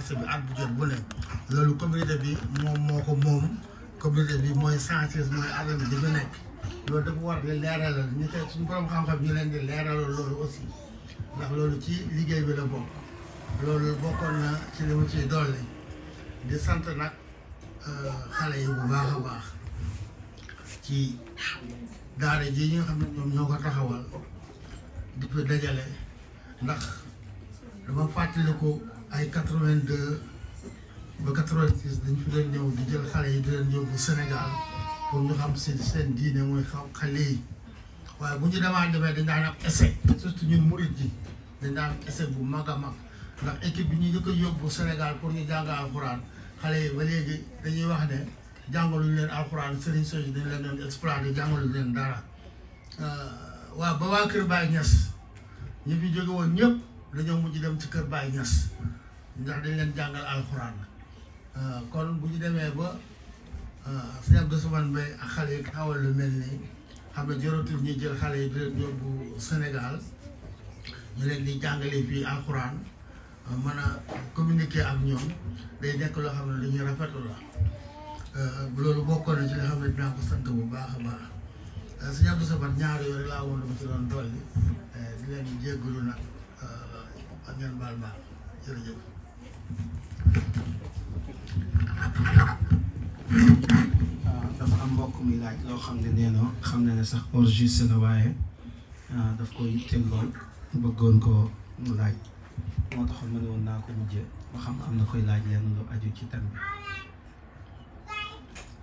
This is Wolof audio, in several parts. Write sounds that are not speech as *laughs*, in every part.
marché bi bu jot bu ne loolu communauté bi moom moo ko moom communauté bi mooy sensibiliser mooy alal bi dafa nekk loolu dafa war di leeralal ñu tey suñu borom xam-xam ñu leen di leeralal loolu aussi ndax loolu ci liggéey bi la bokk loolu bokkoon na ci li mu ciy dolli di sant nag euh, xale yi bu baax a baax ci daara ji ñu xam ne ñoom ñoo ko taxawal di ko dajale ndax dama fàttaliku ay quatre vingt deux ba quatre vingt six dañ fi doon ñëw di jël xale yi di leen yóbbu Sénégal pour ñu xam si seen diine mooy xam xale yi waaye bu ñu demaa demee dañ daan am essai surtout ñun murit ji dañ daan am bu mag a mag ndax équipe bi ñu njëkk a yóbbu Sénégal pour ñu jàng alxuraan xale yi ba léegi dañuy wax ne jàngaluñ leen alxuraan Serigne Soji dañ leen doon exploité jàngaluñ leen dara euh, waaw ba waa Kër Baye Niass ñi fi jóge woon ñëpp dañoo mujj dem ci Kër Baye Niass ndax dañ leen jàngal alxuraan euh, kon bu ñu demee ba sëñ euh, Abdou Soumane Mbaye ak xale yi xawal lu mel nii xam ne jaratul ñu jël xale yi di leen yóbbu Sénégal ñu leen di jàngale fii alxuraan euh, mën a communiquer ak ñoom day nekk loo xam ne lu ñu rafetlu la loolu bokkoon na ci li xam ne dinaa ko sant bu baax a baax sëñ Abdou Soumane ñaar yooyu laa woon dama ci doon dolli di leen jéggalu nag ak ngeen baal baal jërëjëf dafa am mbokk mi laaj loo xam ne nee na xam ne ne sax enregistré na waaye ah, daf koy yitteel lool bëggoon ko mu laaj moo taxoon ma ne woon naa ko mujjee ba xam am na koy laaj lenn lu aju ci tam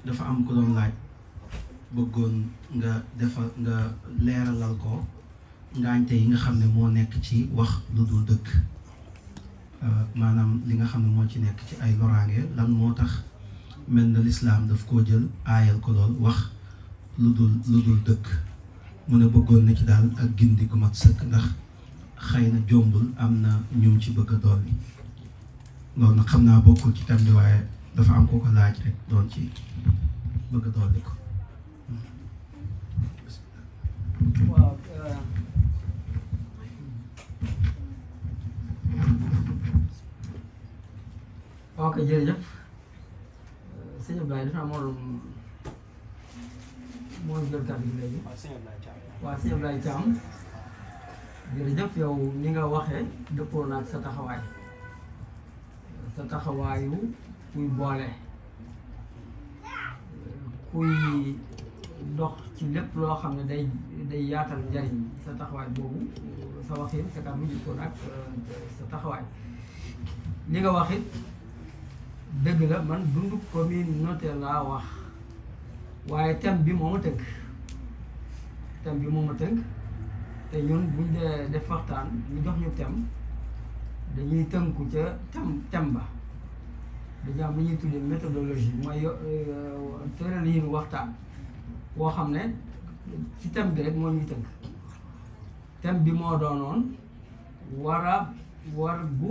dafa am ku doon laaj bëggoon nga defa nga leeralal ko ngaañte yi nga xam ne moo nekk ci wax lu dul dëkk Euh, maanaam li nga xam ne moo ci nekk ci ay loraange lan moo tax mel na lislaam daf koo jël aayal ko lool wax lu dul lu dul dëkk mu ne bëggoon na ci daal ak gindi gu mat sëkk ndax xëy na jombul am na ñum ci bëgg a dool bi loolu nag xam naa bokkul ci tam waaye dafa am ko ko laaj rek doon ci bëgg dool bi ko euh, ok jërëjëf euh, sëñ Ablaye dafa amoon moo jël kàddu gi léegi waaw sëñ Ablaye Thiam jërëjëf yow ni nga waxee dëppoo naag sa taxawaay sa taxawaayu kuy boole kuy dox ci lépp loo xam ne day day yaatal njariñ sa taxawaay boobu sa waxin sa kàddu jëppoon ak euh, sa taxawaay li nga waxit dëgg la man dundu communauté laa wax waaye thème bi moo ma tënk thème bi moo ma tënk te ñun buñ dee def waxtaan ñu jox ñu tem dañuy tënku ca thème thème ba dañu am lu ñuy tuddee méthodologie mooy euh, tëral yi waxtaan woo xam ne ci thème bi rek moo ñuy tënk thème bi moo doonoon war war bu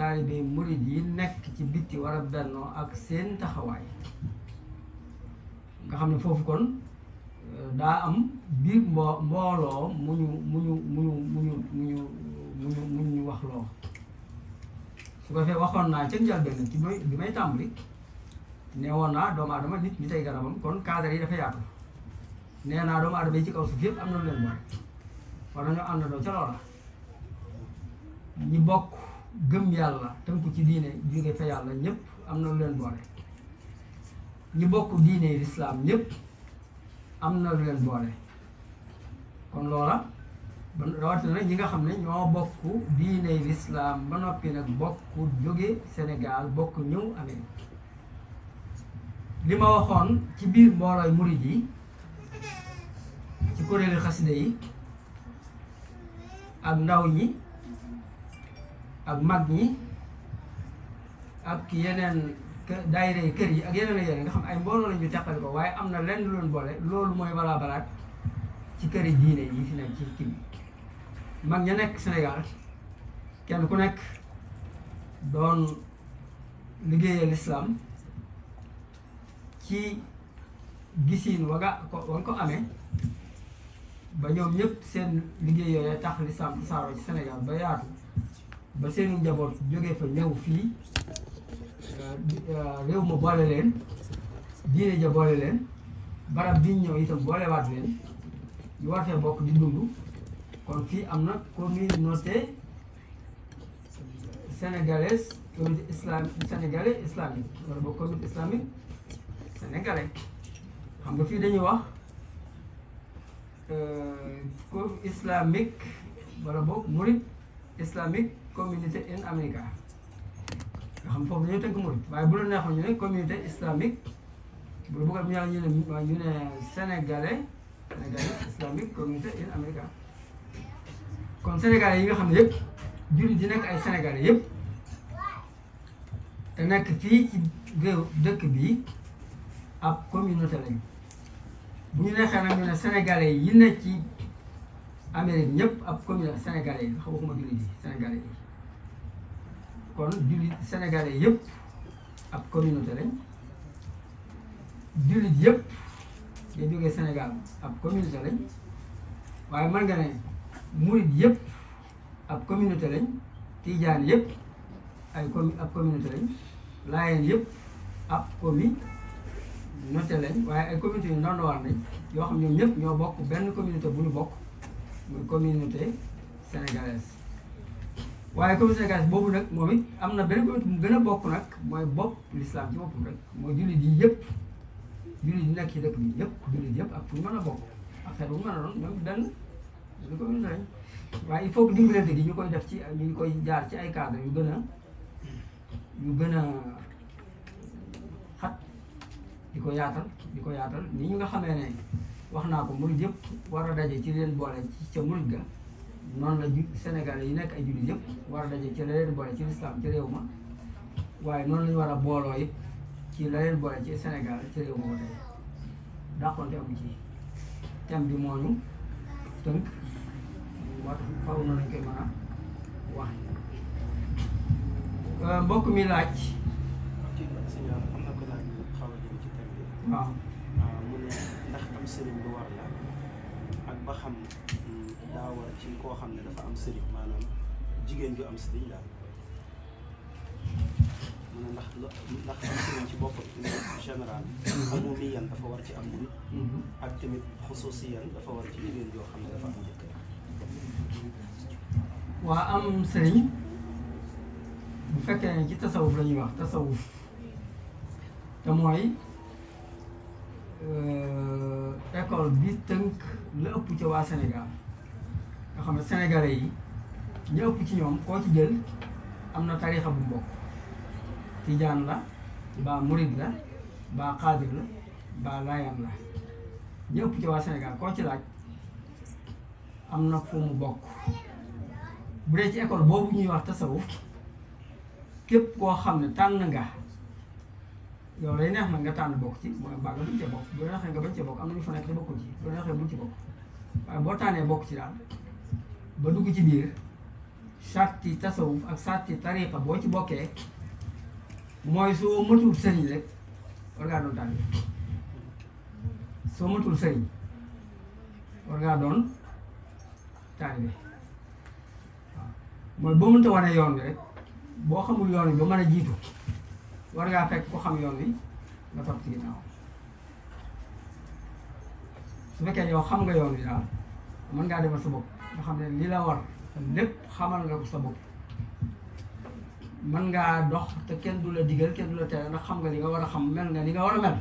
taalibe murid yi nekk ci bitti war a bennoo ak seen taxawaay nga xam ne foofu kon euh, daa am biir mbo mbooloo mu ñu mu ñu mu ñu mu ñu mu ñu mu ñu wax loo su ko fee waxoon naa ca njëlbéen ci may woon naa doomu aadama nit ñi tey garabam kon cadre yi dafa yaatu nee naa doomu aadama yi ci kaw suuf am na lu leen war war nañoo àndandoo ca loola ñi bokk gëm yàlla tënku ci diine jóge fa yàlla ñëpp am na lu leen boole ñi bokk diine lislaam ñëpp am na lu leen boole kon loola ba rawatina ñi nga xam ne ñoo bokk diine lislaam ba noppi nag bokk jóge Sénégal bokk ñëw Amérique li ma waxoon ci biir mboolooy murid yi ci kuréelu xaside yi ak ndaw ñi ak mag ñi ak yeneen daayira yi kër yi ak yeneen ak yeneen nga xam ay mbooloo la ñu teqali waaye am na lenn lu boole loolu mooy balaa balaat ci kër yi diine yi fi nekk ci kii mag ña nekk Sénégal kenn ku nekk doon liggéeyal islam ci gisiin wa ko wa ko amee ba ñoom ñëpp seen liggéey yooyu tax lislaam saaro ci Sénégal ba yaatu ba seeni njaboot jógee fa ñëw fii euh, euh, réew ma boole leen diine ja boole leen barab biñ ñëw itam boolewaat leen ñu war fee bokk di dund kon fii am na communauté sénégalaise communauté islamique sénégalais islamique wala boog communauté islamique sénégalais xam nga fii dañuy wax euh, co islamique wala boog murid islamique communauté in America nga xam foofu dañoo tënk murit waaye bu la neexoon ne communauté islamique bu la bëggoon ne ñu ne sénégalais sénégalais islamique communauté in America kon sénégalais yi nga xam ne yëpp jullit di nekk ay sénégalais yëpp te nekk fii ci réew dëkk bi ab communauté lañu bu ñu neexee nag ne sénégalais yi ne ci Amérique ñëpp ab communauté sénégalais yi waxuma jullit yi sénégalais yi. kon jullit sénégalais yëpp ab communauté lañ jullit yépp da jógee senegal ab communauté lañ waaye mën nga ne murit yëpp ab communauté lañ tiijaan yëpp ay com ab communauté lañ laayeen yëpp ab communauté lañ waaye ay communauté yu ndondowaan lañ yoo xam ñoom ñëpp ñoo bokk benn communauté bu ñu bokk muy communauté sénégalaise waaye communauté de boobu nag moom it am na benn communauté mu gën a bokk nag mooy bopp l'islam ci boppam rek mooy jullit yi yëpp jullit yi nekk ci dëkk bi yëpp jullit yëpp ak fu ñu a bokk ak xeet bu a doon ñoom benn lu ko mën nañ waaye il faut que dimbalante gi ñu koy def ci ñu koy jaar ci ay cadre yu gën a yu gën a xat di ko yaatal di ko yaatal ni ñu nga xamee ne wax naa ko murid yëpp war a daje ci leen boole ci ca murid ga noonu la ju Sénégalais yi nekk ay jullit yëpp war a daje ci la leen boole ci lislaam ci réew ma waaye noonu lañu war a booloo ci la leen boole ci Sénégal ci réew ma ko tey dàqonte amu ci thème bi moo ñu tënk moo tax faw na lañ koy mën a euh, mi laaj waaw daa war a ci koo xam ne dafa am sëriñ maanaam jigéen ju am sëriñ daal mu ne ndax ndax am sëriñ ci boppam général amumiyan dafa war ci am nit ak tamit xususiyan dafa war ci jigéen joo xam ne dafa am jëkkër waa am sëriñ bu fekkee ne ci tasawuf la ñuy wax tasawuf te mooy école bi tënk la ëpp ci waa Sénégal nga xam ne sénégalais yi ñu ëpp ci ñoom koo ci jël am na tarixa bu mbokk tijaan la ba murid la ba xaadir la ba layan la ñu ëpp ci waa Sénégal koo ci laaj am na fu mu bokk bu dee ci école boobu ñuy wax tasawuf képp koo xam ne tànn nga yow lay neex na nga tànn bokk ci mooy baa nga buñ ca bokk bu neexee nga bañ ca bokk am na ñu fa nekk te bokkuñ ci bu neexee buñ ci bokk waaye boo tànnee bokk ci daal ba dugg ci biir sarti tasawuf ak sarti tariqa boo ci bokkee mooy soo matul sëriñ rek war ngaa doon tànn soo matul sëriñ war ngaa doon tànn waaw mooy boo mënta wane yoon bi boo xamul yoon bi ba mën a jiitu war ngaa fekk ku xam yoon bi nga topp ci ginnaaw su fekkee yow xam nga yoon bi daal mën ngaa demal sa bopp nga xamne li la war lepp xamal nga ko sa bop man nga dox te kenn du la digal kenn du la tere ndax xam nga li nga wara xam mel nga li nga wara mel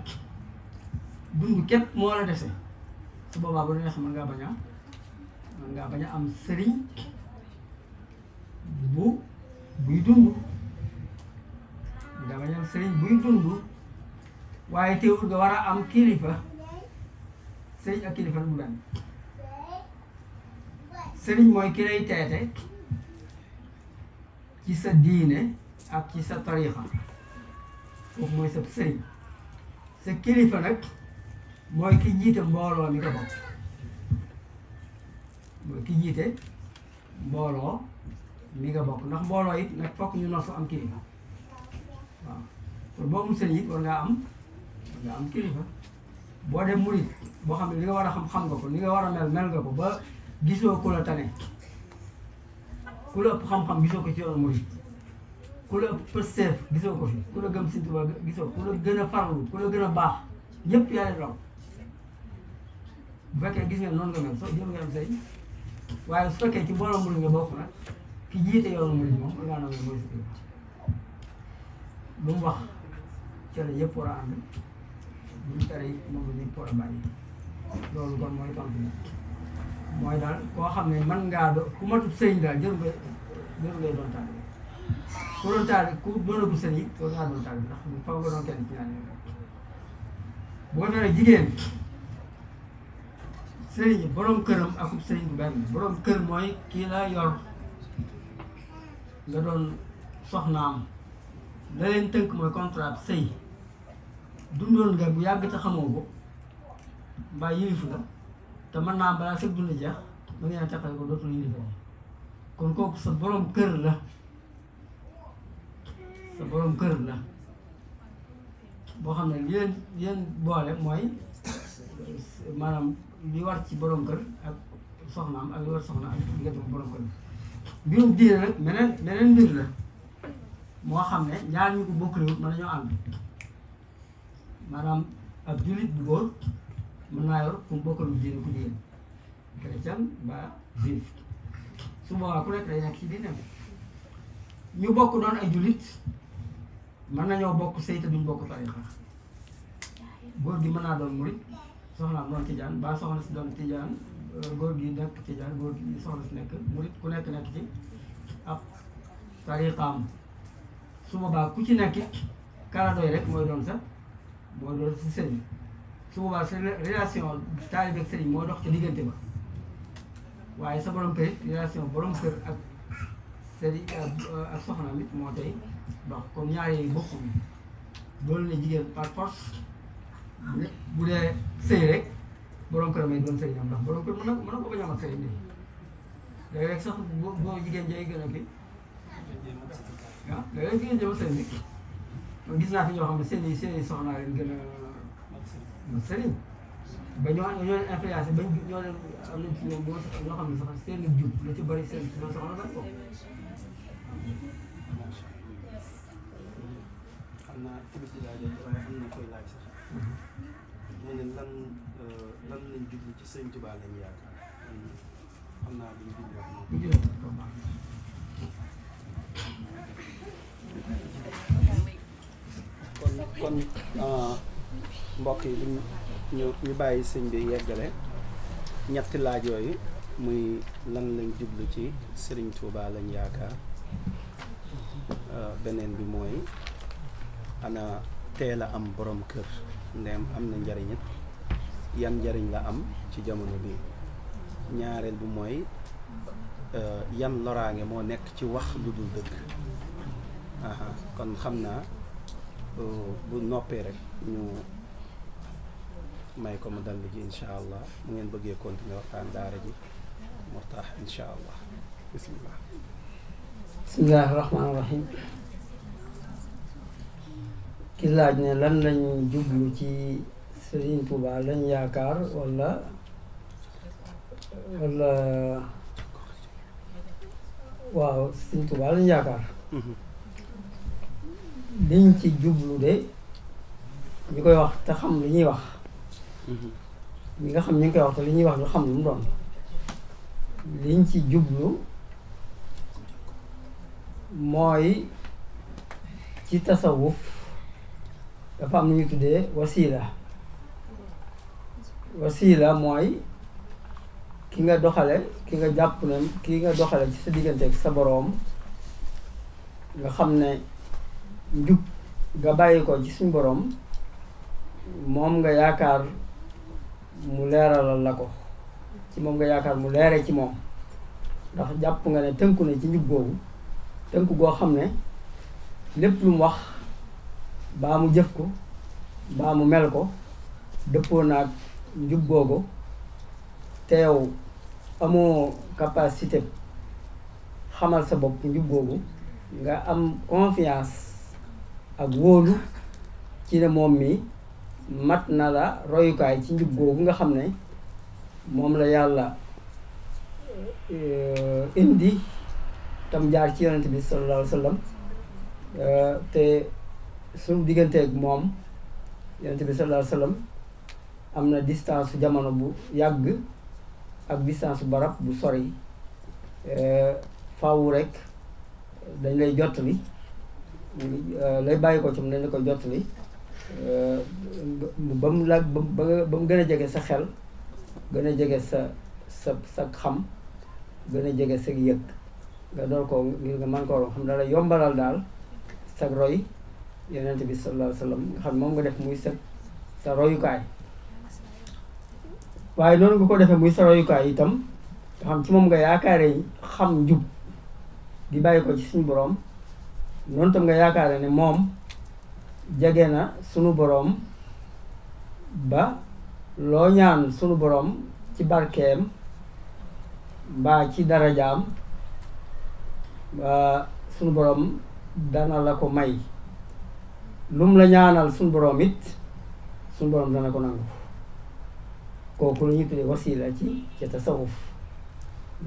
dund kep mo la dese su boobaa bu neex man nga baña man nga baña am sëriñ bu buy dund da bañ am sëriñ buy dund waye teewul nga wara a am kilifa sëriñ ak kilifa lu mu sëriñ mooy ki lay ci sa diine ak ci sa tarixa foofu mooy sa sëriñ sa kilifa nag mooy ki jiite mbooloo mi nga bokk mooy ki jiite mbooloo mi nga bokk ndax mbooloo it nag fokk ñu nosu am kilifa waaw kon boo mu sëriñ it war am war ngaa am kilifa boo dee murit boo xam ne li nga war a xam xam nga ko li nga war a mel mel nga ko ba gisoo ku la tane ku la ëpp xam-xam gisoo ko ci yoonu murid ku la ëpp pësteef gisoo ko fi ku la gëm Sëñ Tuubaa gisoo ku la gën a la gën a baax ñëpp yaa leen raw bu fekkee gis nga noonu nga mel soo jëm nga waaye su fekkee ci borom murid nga bokk nag ki jiite yoonu murid moom nga naan mooy Sëñ Tuubaa lu mu wax ca la yëpp war a ànd bu ñu tere moom la ñuy war loolu kon mooy tontu mooy daal koo xam ne man ngaa do ku matut sëriñ daal jëru nga jëru ngay doon taal ku doon taal ku doonagul sëriñ war ngaa doon taal ndax nga doon kenn ci ñaar yooyu bu ko jigéen sëriñ borom këram ak sëriñ bu benn mooy kii la nga doon soxnaam la leen tënk mooy contrat sëy dundoon nga bu yàgg te xamoo ko mbaa yilifu la te mën naa balaa ya. sëb dund jeex mu ngeen a teqale ko dootul ñu defee kon kooku sa borom kër la sa borom kër la boo xam ne yéen yéen boole mooy maanaam li war ci borom kër ak soxnaam ak li war soxna ak diggante bu borom kër mbirum diine nag meneen meneen mbir la moo xam eh, ne ñaar ñu ko bokk réew mën nañoo ànd maanaam ab jullit eh, bu mën naa yor ku mu bokkal lu diine ku diine ba juif su boobaa ku nekk day nekk ci diine ñu bokk doon ay jullit mën nañoo bokk seyt te duñ bokk tarixa góor gi mën naa doon murit soxnaam doon tijaan ba soxna si doon tijaan euh, góor gi nekk tijaan góor gi soxna si nekk murit ku nekk nekk ci ab tariqaam su ku ci nekk kala doy rek mooy doon sa mooy doon si sëy su boobaa sa relation taalibe ak sëriñ moo dox ci diggante ba waaye sa borom kër relation borom kër ak sëriñ ak soxnaam it moo tey dox comme ñaar yooyu bokkul loolu la jigéen par force bu dee sëy rek borom kër may doon sëriñam ndax borom kër mën na mën na ko bañ a am ak sëriñ bi léeg-léeg sax boo boo jigéen jay gën a kii ah léeg-léeg jigéen jay ma sëriñ bi gis naa fi ñoo xam ne seen i seen i soxnaa leen gën a sëriñ ba ñoo xam ne ñoo leen ñoo am ne sax seen jub lu ci bëri seen seen naa ci biir laaj yi waaye am na koy laaj ne lan euh, lan lañ jublu ci sëñ Tuubaa lañ yaakaar naa kon kon euh, mbokk yi buñ ñu ñu bàyyi sëñ bi yeggale ñetti laaj yooyu muy lan lañ jublu ci sëriñ Touba lañ yaakaar euh, beneen bi mooy ana teel am borom kër ndeem am na njariñ yan njariñ la am ci jamono bi ñaareel bi mooy euh, yan loraange moo nekk ci wax lu dul dëgg kon xam naa euh, bu noppee rek ñu may ko mu dal ji incha mu ngeen bëggee continuer waxtaan daara ji murtaax incha allah bismillah bismillahi rahmaani rahim ki laaj ne lan lañ jublu ci Serigne Touba lañ yaakaar wala wala waaw Serigne Touba lañ yaakaar mhm. liñ jublu de ñu koy wax xam li ñuy ñi nga xam ñu ngi koy wax te li ñuy wax ñu xam lu mu doon liñ ci jublu mooy ci tasawuf dafa am lu ñu tuddee wasila wasila mooy ki nga doxale ki nga jàpp ne ki nga doxale ci sa diggante ak sa boroom nga xam ne njub nga bàyyi ko ci suñ boroom moom nga yaakaar mu leeralal la ko ci moom nga yaakaar mu leere ci moom ndax jàpp nga ne tënku na ci njub googu tënku goo xam ne lépp lu wax baa mu jëf ko baa mu mel ko dëppoo naag njub googu te yow amoo capacité xamal sa bopp njub googu nga am confiance ak wóolu ci ne moom mi mat na la royukaay ci njub googu nga xam ne moom la yàlla eh, indi tam jaar ci yonent bi sallallahu alayhi wa eh, te suñu digganteeg moom yonent bi sallallahu alayhi am na distance jamono bu yàgg ak distance barab bu sori eh, fawu rek dañ lay jottali lay bàyyi ko ci dañ la koy jottali Euh, ba mu la ba ba mu gën a jege sa xel gën a jege sa sa sa xam gën a jege sa yëg nga door koo ngir nga man koo xam dala yombalal daal sa roy yonent bi sallallahu alayhi wa sallam nga xam moom def muy sa sa royukaay waaye noonu nga ko defee muy sa royukaay itam nga xam ci moom nga yaakaare xam njub di bàyyi ko ci suñu boroom noonu tam nga yaakaare ne moom jege na sunu boroom ba loo ñaan sunu boroom ci barkeem mbaa ci darajaam ba sunu boroom dana la ko may lum la ñaanal sunu boroom it sunu boroom dana ko nangu kooku la ñuy tuddee wasila ci ci tasawuf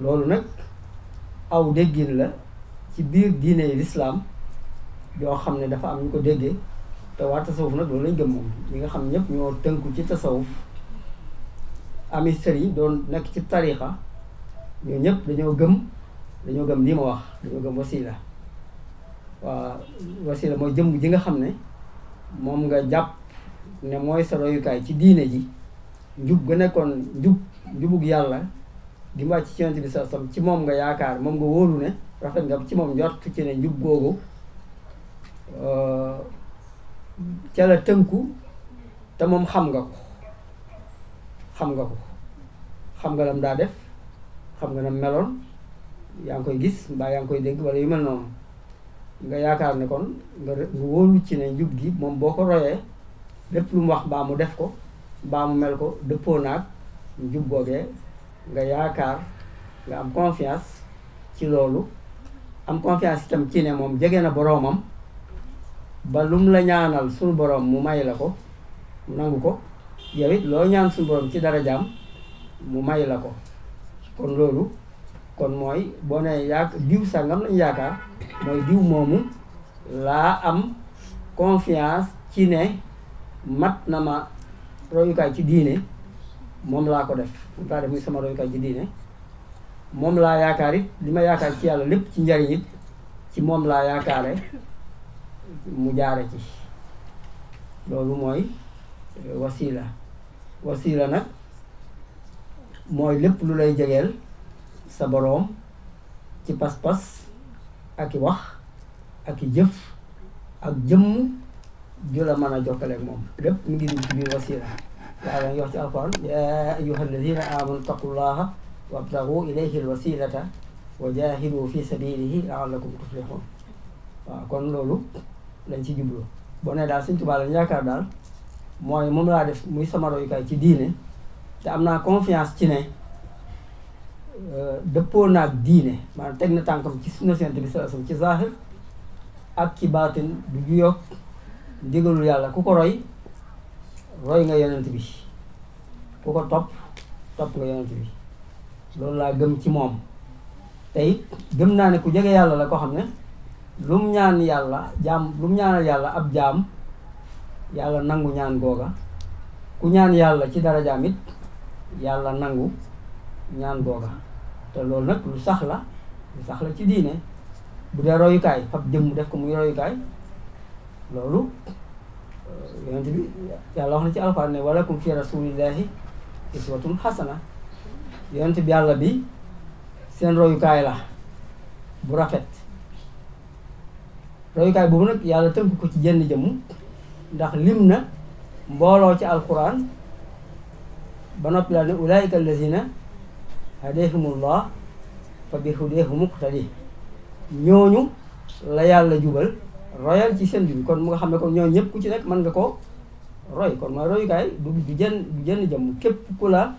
loolu nag aw déggin la ci biir diine lislaam yoo xam ne dafa am ñu ko déggee te waa tasawuf nag loolu lañ gëm moom ñi nga xam ñëpp ñoo tënku ci tasawuf ami sëriñ doon nekk ci tariqa ñoo ñëpp dañoo gëm dañoo gëm lii ma wax dañoo gëm wasila waa wasila mooy jëmm ji nga xam ne moom nga jàpp ne mooy sa royukaay ci diine ji njub ga nekkoon njub njubug yàlla di wàcc ci yonent bi sa sam ci moom nga yaakaar moom nga wóolu ne rafet nga ci moom njort ci ne njub googu euh, ca la tënku te moom xam nga ko xam nga ko xam nga lam daa def xam nga nam meloon yaa ngi koy gis mbaa yaa ngi koy dégg wala yu mel noonu nga yaakaar ne kon nga nga wóolu ci ne njub gi moom boo ko royee lépp lu mu wax mbaa mu def ko mbaa mu mel ko dëppoo naag njub boogee nga yaakaar nga am confiance ci loolu am confiance tam ci ne moom jege na boroomam ba lum la ñaanal suñu boroom mu may la ko mu nangu ko yow it loo ñaan suñu borom ci dara jaam mu may la ko kon loolu kon mooy boo nee yaak diw sangam lañ yaakaar mooy diw moomu laa am confiance ci ne mat na ma royukaay ci diine moom laa ko def moom laa def muy sama royukaay ci diine moom laa yaakaar it li ma yaakaar ci yàlla lépp ci njariñ it ci moom laa yaakaare mu jaare ci loolu mooy euh, wasila wasila nag mooy lépp lu lay jegeel sa boroom ci pas-pas ak i wax ak i jëf ak jëmm ju la mën a jokkale ak moom lépp mu ngi dugg ci biir wasila yàlla ngi wax ci alquran yaa ayyuha alladina amanu taqullaha wabtagu ilayhi alwasilata wa jahidu fi sabilihi laallakum tuflihun waaw kon loolu lañ ci jublu boo daal sëñ Tuubaa lañ yaakaar daal mooy moom laa def muy sama royukaay ci diine te am naa confiance ci ne euh, dëppoo naag diine maanaam teg na tànkam ci sunna Yonent bi sallallahu ci zahir ak ci baatin du juyoog ndigalul yàlla ku ko roy roy nga yeneent bi ku ko topp topp nga Yonent bi loolu laa gëm ci moom te gëm naa ne ku jege yàlla la ko xam ne lum ni ñaan yàlla jam lum ñaan ñaanal yàlla ab jam yàlla nangu ñaan googa ku ñaan yàlla ci dara jamit it yàlla nangu ñaan googa te loolu nag lu sax la lu sax la ci diine bu dee royukaay fab jëmm def ko muy royukaay loolu euh, yonent bi yàlla wax na ci alxuraan ne kum fi rasulillahi iswatun xasana yonent bi yàlla bi seen royukaay la bu rafet royukaay boobu nag yàlla tënk ko ci jenn jëmm ndax lim na mbooloo ci alquran ba noppi daal ne ulaayika allazina hadahumullah fa bi hudahu ñooñu la yàlla jubal royal ci seen jub kon mu nga xam ne ko ñooñu ñëpp ku ci nekk mën nga ko roy kon mooy royukaay du jenn jëmm képp ku la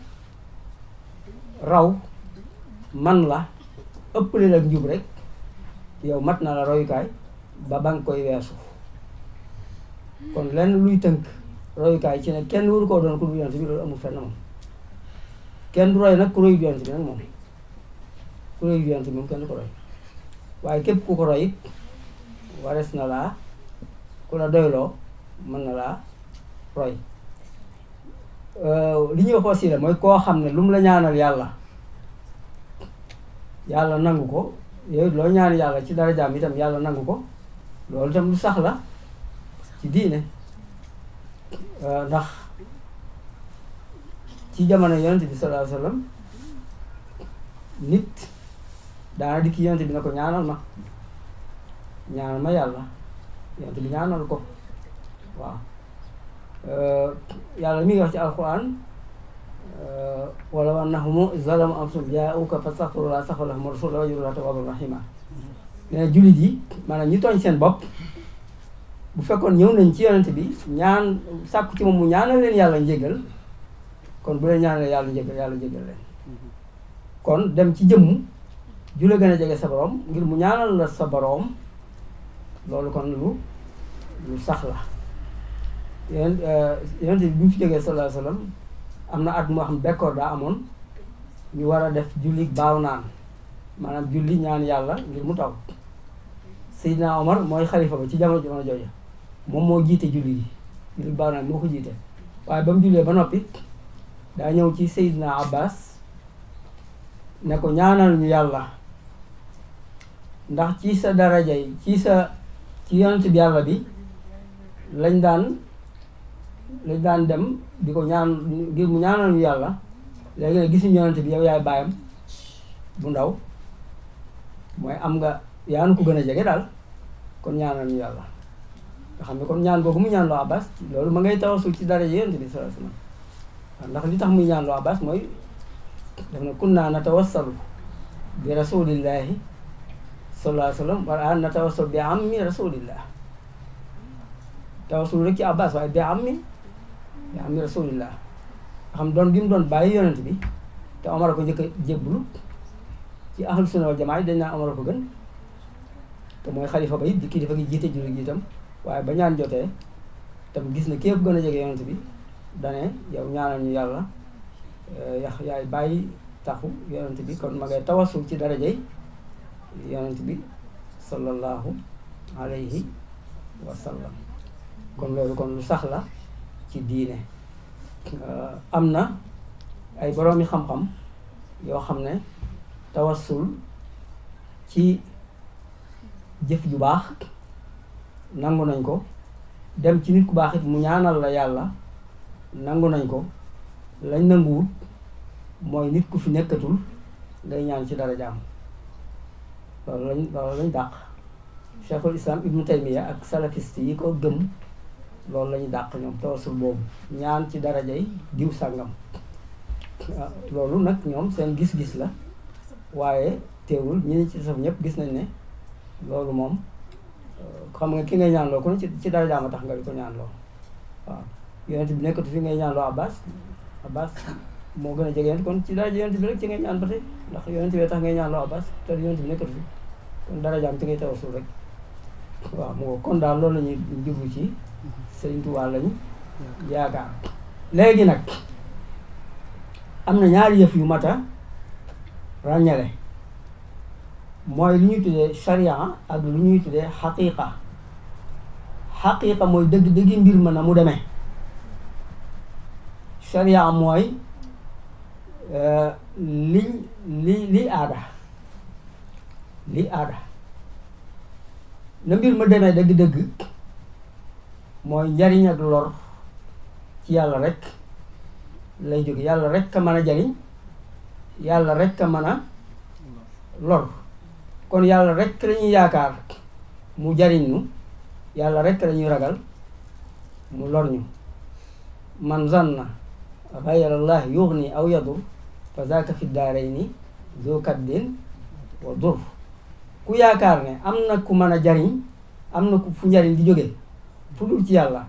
raw man la ëppale la ak njub rek yow mat na la royukaay ba ba nga koy weesu kon lenn luy tënk royukaay ci ne kenn waru koo doon ku dul yonent bi loolu amul fenn moom kenn du roy nag ku roy yonent bi nag moom ku roy yonent bi moom kenn du ko roy waaye képp ku ko roy it warees na laa ku la doyloo mën na laa roy euh, li ñuy wax wasiila mooy koo xam ne lu mu la ñaanal yàlla yàlla nangu ko yooyu loo ñaan yàlla ci dara jaam itam yàlla nangu ko loolu itam lu sax la ci diine euh, ndax ci jamono yonent bi sallallahu alayhi nit daana dikk yonent bi ne ko ñaanal ma ñaanal ma yàlla yonent bi ñaanal ko waaw euh, yàlla mi ngi wax ci alquran euh, wala annahum zalamu anfusahum jaa'uuka fastaghfiru llaaha fastaghfara lahum rasuulu llaahi wa ja'aluu llaaha tawwaaban rahiima jullit yi maanaam ñi tooñ seen bopp bu fekkoon ñëw nañ ci yonent bi ñaan sàkku ci moom mu ñaanal leen yàlla kon bu leen ñaanalee yàlla njégal yàlla njégal leen kon dem ci jëmm ju jaga gën a jege sa borom ngir mu ñaanal la sa borom loolu kon lu lu sax la yonent euh, yonent bi bi mu fi jógee sallallahu alayhi sallam am na at moo xam bekkoor daa amoon ñu war a def baaw naan manam julli ñaan yalla ngir mu taw sayyidina Omar moy khalifa ba ci jamono jamono jooju moom mo jiite julli yi julli baax na moo ko jiite waaye ba mu jullee ba noppi daa ñëw ci sayyidina Abbas ne ko ñaanal ñu yalla ndax ci sa daraja yi ci sa ci yonent bi yalla bi lañ daan lañ daan dem diko ñaan ngir mu ñaanal ñu yalla léegi nag gisuñu yonent bi yow yaay bayam bu ndaw moy am nga yaan nu ko gën a jege kon ñaanal ñu yalla nga xamni kon ñaan gogum ñaan lo abbas lolu ma ngay tawasul ci dara yeen di sallallahu alayhi wasallam ndax li tax muy ñaan lo abbas moy daf kunna natawassal bi rasulillah sallallahu alayhi wasallam wa an natawassal bi ammi rasulillah tawassul rek ci abbas way bi ammi bi ammi rasulillah xam doon gi mu doon bàyyi yonent bi te omar ko jëk a ci ahlu sunna wal jamaa dañ naa Omar ko gën te mooy xalifa ba it di kilifa gi jiite julli gi itam waaye ba ñaan jotee tam gis ne képp gën a jege yonent bi dane yow ñaanal ñu yàlla eh, yax yaay bàyyi taxu yonent bi kon ma ngay tawasul ci darajay yonent bi sallallahu alayhi wa kon loolu kon lu sax la ci diine eh, am na ay boroomi xam-xam yoo xam ne tawassul ci jëf ju baax nangu nañ ko dem ci nit ku baax it mu ñaanal la yàlla nangu nañ ko lañ nanguwut mooy nit ku fi nekkatul ngay ñaan ci dara jaam loolu lañ loolu lañ dàq cheikhul islam ibnu taymiya ak salafiste yi ko gëm loolu lañu dàq ñoom tawassul boobu ñaan ci darajay diw sàngam loolu nag ñoom seen gis-gis la waaye teewul ñi ci sof ñëpp gis nañ ne loolu moom euh, xam nga ki ngay ñaanloo ku ne ci ci dara tax nga di ko ñaanloo waaw yonent bi nekkatu fi ngay ñaanloo Abbas Abbas moo gën a jege yonent kon ci dara yonent bi rek ci ngay ñaan ba tey ndax yonent bi tax ngay ñaanloo Abbas te yonent bi nekkatu fi kon dara jaam ci ngay tawassul rek waaw mu kon daal loolu la ñuy jublu ci Sëriñ Tuubaa lañu yaakaar léegi nag am na ñaari yëf yu mata ranyale moy lu ñuy tuddee sharia ak lu ñuy tuddee haqiqa xaqiqa mooy deug dëggi mbir mën mu démé sharia euh li li li ada li ada na mbir ma demee deug dëgg mooy ak lor ci yalla rek lay jog yalla rek ka mëna jariñ yàlla rek a mën a lor kon yàlla rekk la ñuy yaakaar mu jariñ ñu yàlla rek la ñuy ragal mu lor ñu man zanna xayrallah yuxni aw yadur fa zaaka fi daarayni zu kaddin wa dur ku yaakaar ne am na ku mën a jariñ am na ku fu njariñ di jóge fu dul ci yàlla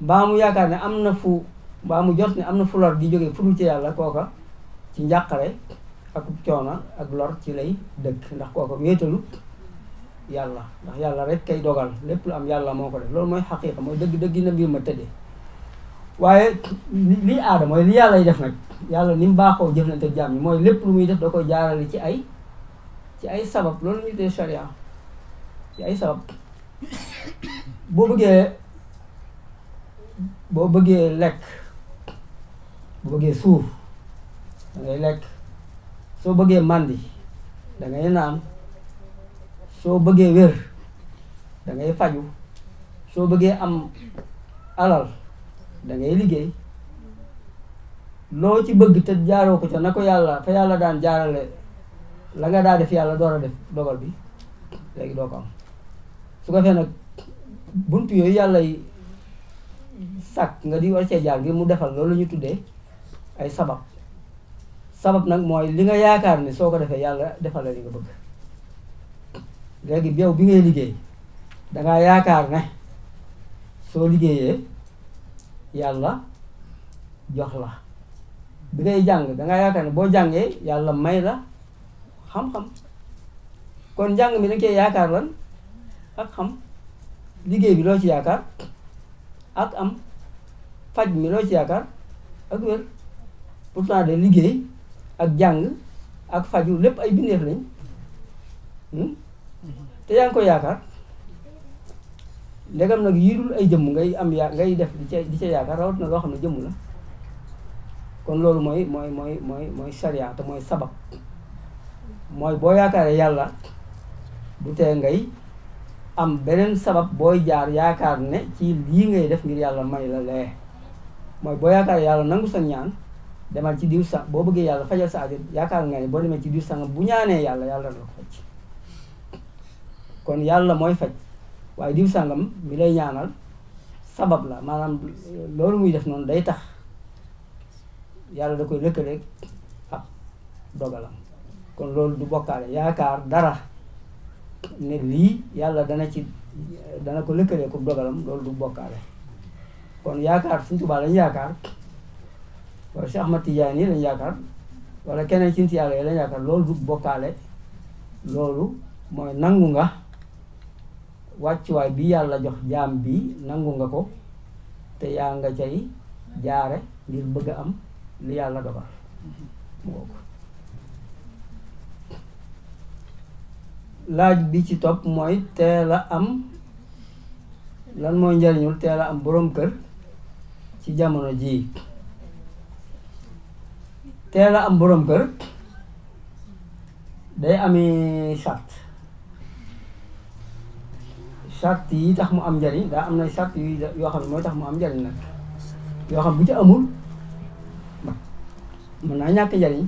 mbaa mu yaakaar ne am na fu mbaa mu jot ne am na fu lor di jóge fu dul ci yàlla kooka ci njàqare ak coona ak lor ci lay dëkk ndax kooku wéetalut yàlla ndax yàlla rek kay dogal lépp lu am yàlla moo ko def loolu mooy xaqiiqa mooy dëgg dëgg na mbir ma tëddee waaye li aada mooy li yàlla def nag yàlla ni mu baaxoo jëflante ak jaam yi mooy lépp lu muy def da koy jaarale ci ay ci ay sabab loolu ñu dee charia ci ay sabab boo bëggee boo bëggee lekk boo bëggee suuf da ngay lekk soo bëggee màndi da ngay naan soo bëggee wér dangay faju soo bëggee am alal dangay liggéey loo ci bëgg te jaaroo ko ca na ko yàlla fa yàlla daan jaarale la nga daa def yàlla door a def dogal bi léegi doo ko am su ko fee nag buntu yooyu yàlla yi sàkk nga di war cee jaar ngir mu defal loolu ñu tuddee ay sabab sabab nag mooy li nga yaakaar ni soo ko defee yàlla defal la li nga bëgg léegi yow bi ngay liggéey dangaa yaakaar ne soo liggéeyee yàlla jox la bi ngay jàng danga yaakaar ne boo jàngee yàlla may la xam-xam kon njàng mi dañ koy yaakaar lan ak xam liggéey bi loo ci yaakaar ak am faj mi loo ci yaakaar ak wér pourtant de liggéey ak jàng ak faju lépp ay bindeef lañ hmm? te yaa ngi ko yaakaar ndegam nag yii dul ay jëmm ngay am yaa ngay def di ca di ca yaakaar rawat na loo xam ne jëmm la kon loolu mooy mooy mooy mooy mooy sariya mooy sabab mooy boo yaakaaree yàlla du tee ngay am beneen sabab booy jaar yaakaar ne ci lii ngay def ngir yàlla may la lee mooy boo yaakaaree yàlla nangu sa ñaan demal ci diw sa bo beugé yalla fajal sa adil yaakaar nga ni bo demé ci diw sa nga bu ñaané yalla yalla dana fajj faj kon yàlla mooy faj waaye diw ngam mi lay ñaanal sabab la manam lolu muy def non day tax yalla da koy lekkale ah dogalam kon lolu du bokale yaakar dara ne li yalla dana ci dana ko lekkale ko dogalam lolu du bokale kon yaakar suñ tubaab lañ yaakaar si Ahmad Tidiane yi lañ yaakaar wala keneen ci nti yàlla yi lañ yaakaar loolu du bokkaale loolu mooy nangu nga wàccuwaay bi yàlla jox jaam bi nangu nga ko te yaa nga cay jaare ngir bëgg am li yàlla dogal moo laaj bi ci topp mooy teel a am lan mooy njariñul teel a am borom kër ci jamono jii teel am borom kër day amee chat chat yi tax mu am jari da am na chat yu yo xam tax mu am jari nak yo xam bu ci amul mën na ñak njariñ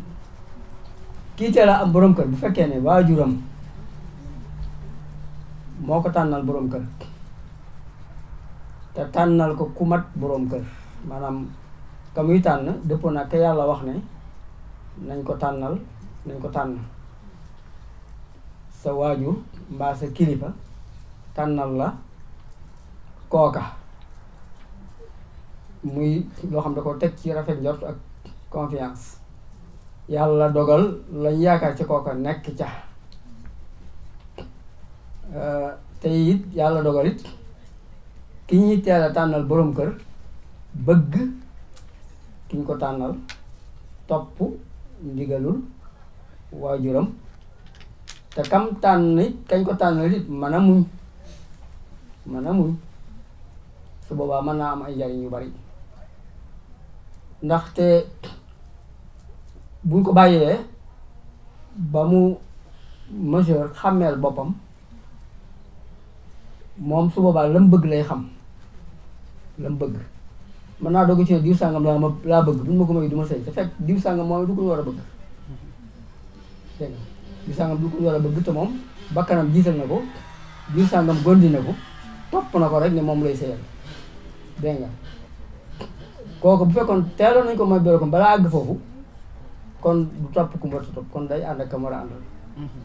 ki teel am borom kër bu fekkee ne wajuram moko tanal borom kër ta tanal ko kumat borom kër manam kamuy tan depo ka wax ne nañ ko tànnal nañ ko tànn sa waajur mbaa sa kilifa tànnal la kooka muy loo xam ne ko teg ci rafet njort ak confiance yàlla dogal lañ yaakaar ci kooka nekk ca euh, te it yàlla dogal ki ñuy teel a tànnal boroom kër bëgg ki ñu ko tànnal topp ndigalul waajuram te kam tànn it kañ ko tànnal it mën a muñ mën a muñ su boobaa mën naa am ay njariñ yu bari ndaxte buñ ko bàyyee ba mu majeur xàmmeel boppam moom su boobaa lam bëgg lay xam lam bëgg man naa doog ci ne diw sàngam laa ma laa bëgg bu ma ko may du ma sëy te fekk diw sàngam moom du ko war a bëgg dégg nga diw du ko war a bëgg te moom bakkanam jiital na ko diw sangam gondi na ko topp na ko rek ne moom lay seyal dégg nga kooku bu fekkoon teeloon nañ ko may bero ko balaa àgg foofu kon du topp ku mbarta topp kon day ànd ak kam war a àndal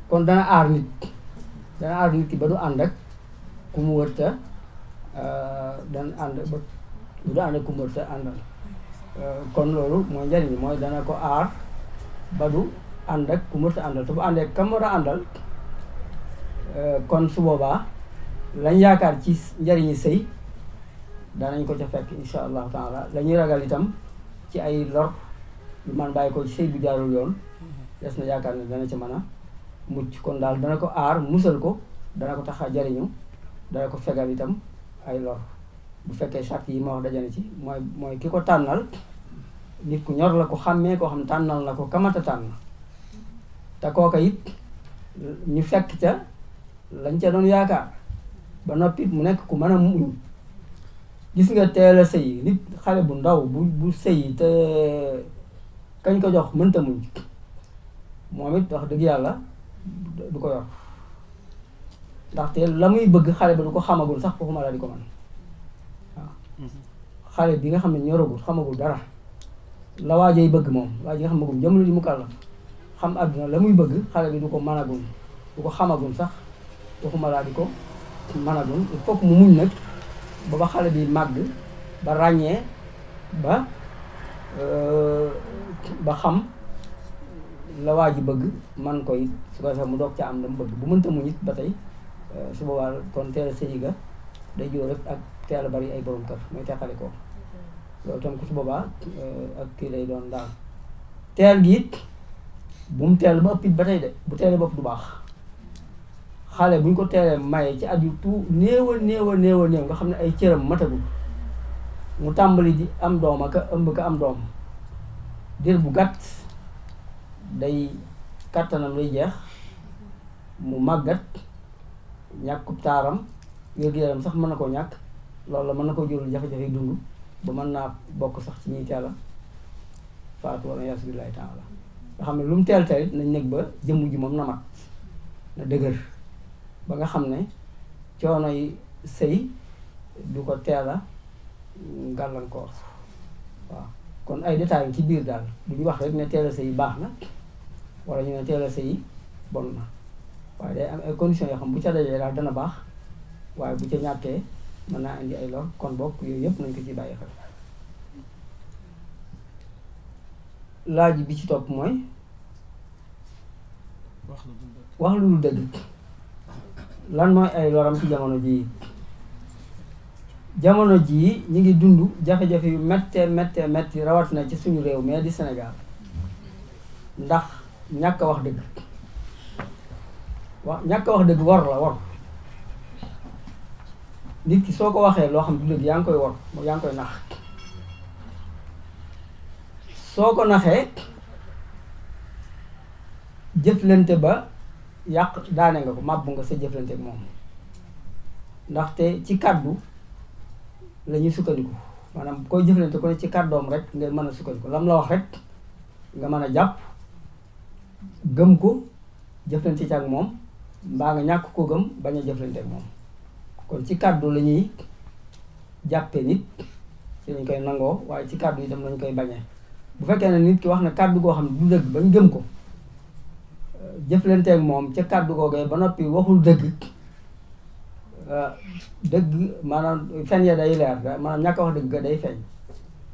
kon dana aar nit dana aar nit ki ba du ànd ak ku mu wërta eh, dana ànd ba du daane kumur sa àndal eh, kon loolu mooy njariñ mooy dana ko aar ba du ànd ak kumbal sa àndal te bu àndee kam war a eh, kon su boobaa lañ yaakaar ci njariñi sëy danañ ko ca fekk insha allahu taala la ñuy ragal itam ci ay lor yu man bàyyi ko ci sëy bu jaarul yoon des na yaakaar ne dana ca mën a mucc kon daal dana ko aar musal ko dana ko tax jariñu dana ko fegal itam ay lor bu fekkee charte yi ma wax dajale ci mooy mooy ki ko tànnal nit ku ñor la ko xàmmee koo xam tànnal na ko kamata tànn te kooka it ñu fekk ca lañ ca doon yaakaar ba noppi mu nekk ku mën a muñ gis nga teel a sëy nit xale bu ndaw bu bu sëy te kañ ko jox mënta muñ moom it wax dëgg yàlla du ko yor ndaxte la muy bëgg xale ba du ko xamagul sax foofu ma la di ko mën xale bi nga xam ne ñoragul xamagul dara la waajay bëgg moom waa ji nga xam ne moom jamono ji mu kàlla xam àdduna la muy bëgg xale bi du ko managum du ko xamagum sax waxuma laa di ko managum il faut mu muñ nag ba ba xale bi màgg ba ràññee ba euh, ba xam la waa ji bëgg man koy su ko defee mu doog ca am la mu bëgg bu mënta muñ it ba tey euh, su boobaa kon teel a sëyi day jóor rek ak te yàlla bari ay borom kër mooy teqale ko lo tam ku su boobaa eh, ak ki lay doon daal teel gi it bu mu teel ba pit batay tey de bu teelee bopp du baax xale bu ñu ko teelee may ci at tu neewal neewal neewal néew nga xam ay cëram matagul mu tambali di am doom ak ëmb ka am doom dir bu gàtt day kàttanam lay jeex mu magat ñakku taram wér gu sax mën ko ñak loolu la mën na ko jural jafe-jafe dund ba mën naa bokk sax ci ñuy teel a faatu wala yàlla subilaay taala nga xam ne lu mu teel teel nañ nekk ba jëmm ji moom na mat na dëgër ba nga xam ne coono yi sëy du ko teel a gàllankoor waaw kon ay détails ci biir daal bu ñu wax rek ne teel a sëy baax na wala ñu ne teel a sëy bon na waaye day am ay conditions yoo xam bu ca dajee daal dana baax waaye bu ca ñàkkee mën naa indi ay lor kon bokk yooyu iya, iya, yëpp nañ ko ci kan. bàyyi xel laaj bi ci topp mooy wax lu dëgg lan mooy ay eh, loram ci jamono ji jamono ji ñu ngi dund jafe-jafe yu méttee méttee metti rawat na ci suñu réew mais di Sénégal ndax ñàkk wax dëgg wa ñàkk wax dëgg war la war nit ki soo ko waxee loo xam du dëgg yaa ngi koy wor moom yaa ngi koy nax soo ko naxee jëflante ba yàq daane nga ko màbbu nga sa jëflante moom ndaxte ci kàddu la sukkandiku maanaam koy jëflante ko ne ci kàddoom rek nga mën a sukkandiku lam la wax rek nga mën a jàpp gëm ko jëflante ci ak moom mbaa nga ñàkk ko gëm bañ a jëflante moom kon ci kàddu lañuy ñuy jàppee nit ci lañ koy nangoo waaye ci kàddu itam lañ koy bañee bu fekkee ne nit ki wax na kàddu goo xam ne du dëgg bañ gëm ko euh, jëflanteeg moom ca kàddu koy ba noppi waxul dëgg euh, dëgg maanaam fen day leer maanaam ñàkk wax dëgg day feeñ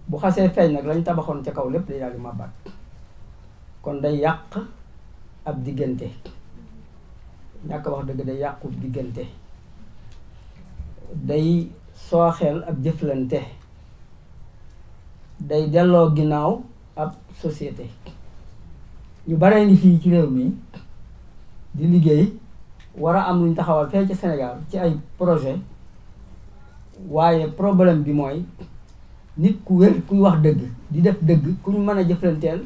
bu xasee feeñ nag lañ tabaxoon ca kaw lépp day daal di màbbaat kon day yàq ab diggante ñàkk wax dëgg day yàqu diggante day sooxeel ak jëflante day delloo ginnaaw ak société ñu bare ni fii ci réew mi di liggéey war a am luñ taxawal fee ci Sénégal ci ay projet waaye problème bi mooy nit ku wér kuy wax dëgg di def dëgg ku ñu mën a jëflanteel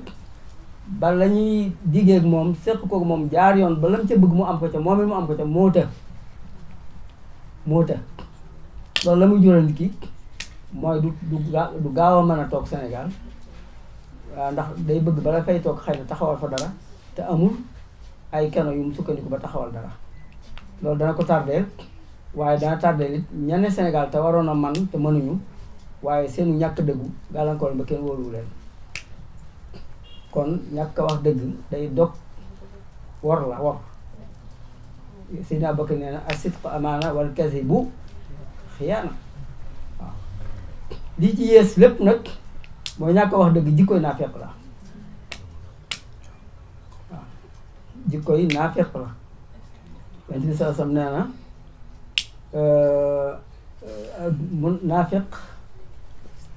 ba la ñuy diggeeg moom seq koog moom jaar yoon ba lam ca bëgg mu am ko ca moom it mu am ko ca moo të moo të loolu la muy jural nit ki mooy du du du gaaw a mën a toog Sénégal ndax day bëgg bala fay toog xëy na taxawal fa dara te amul ay keno yu mu sukkandiku ba taxawal dara loolu dana ko tardeel waaye dana tardeel it ñenn Sénégal te waroon a man te mënuñu waaye seenu ñàkk dëggu gàllankoor ba kenn wóoluwu leen kon ñàkk wax dëgg day dog war la war. Sina Bakar asit na asidq amaana wal kazibu xiyaana waaw li ci yées lépp nag mooy ñàkk wax dëgg jikkoy naa feq la waaw jikkoy naa feq la yonent bi saa sam nee na euh, euh, naa feq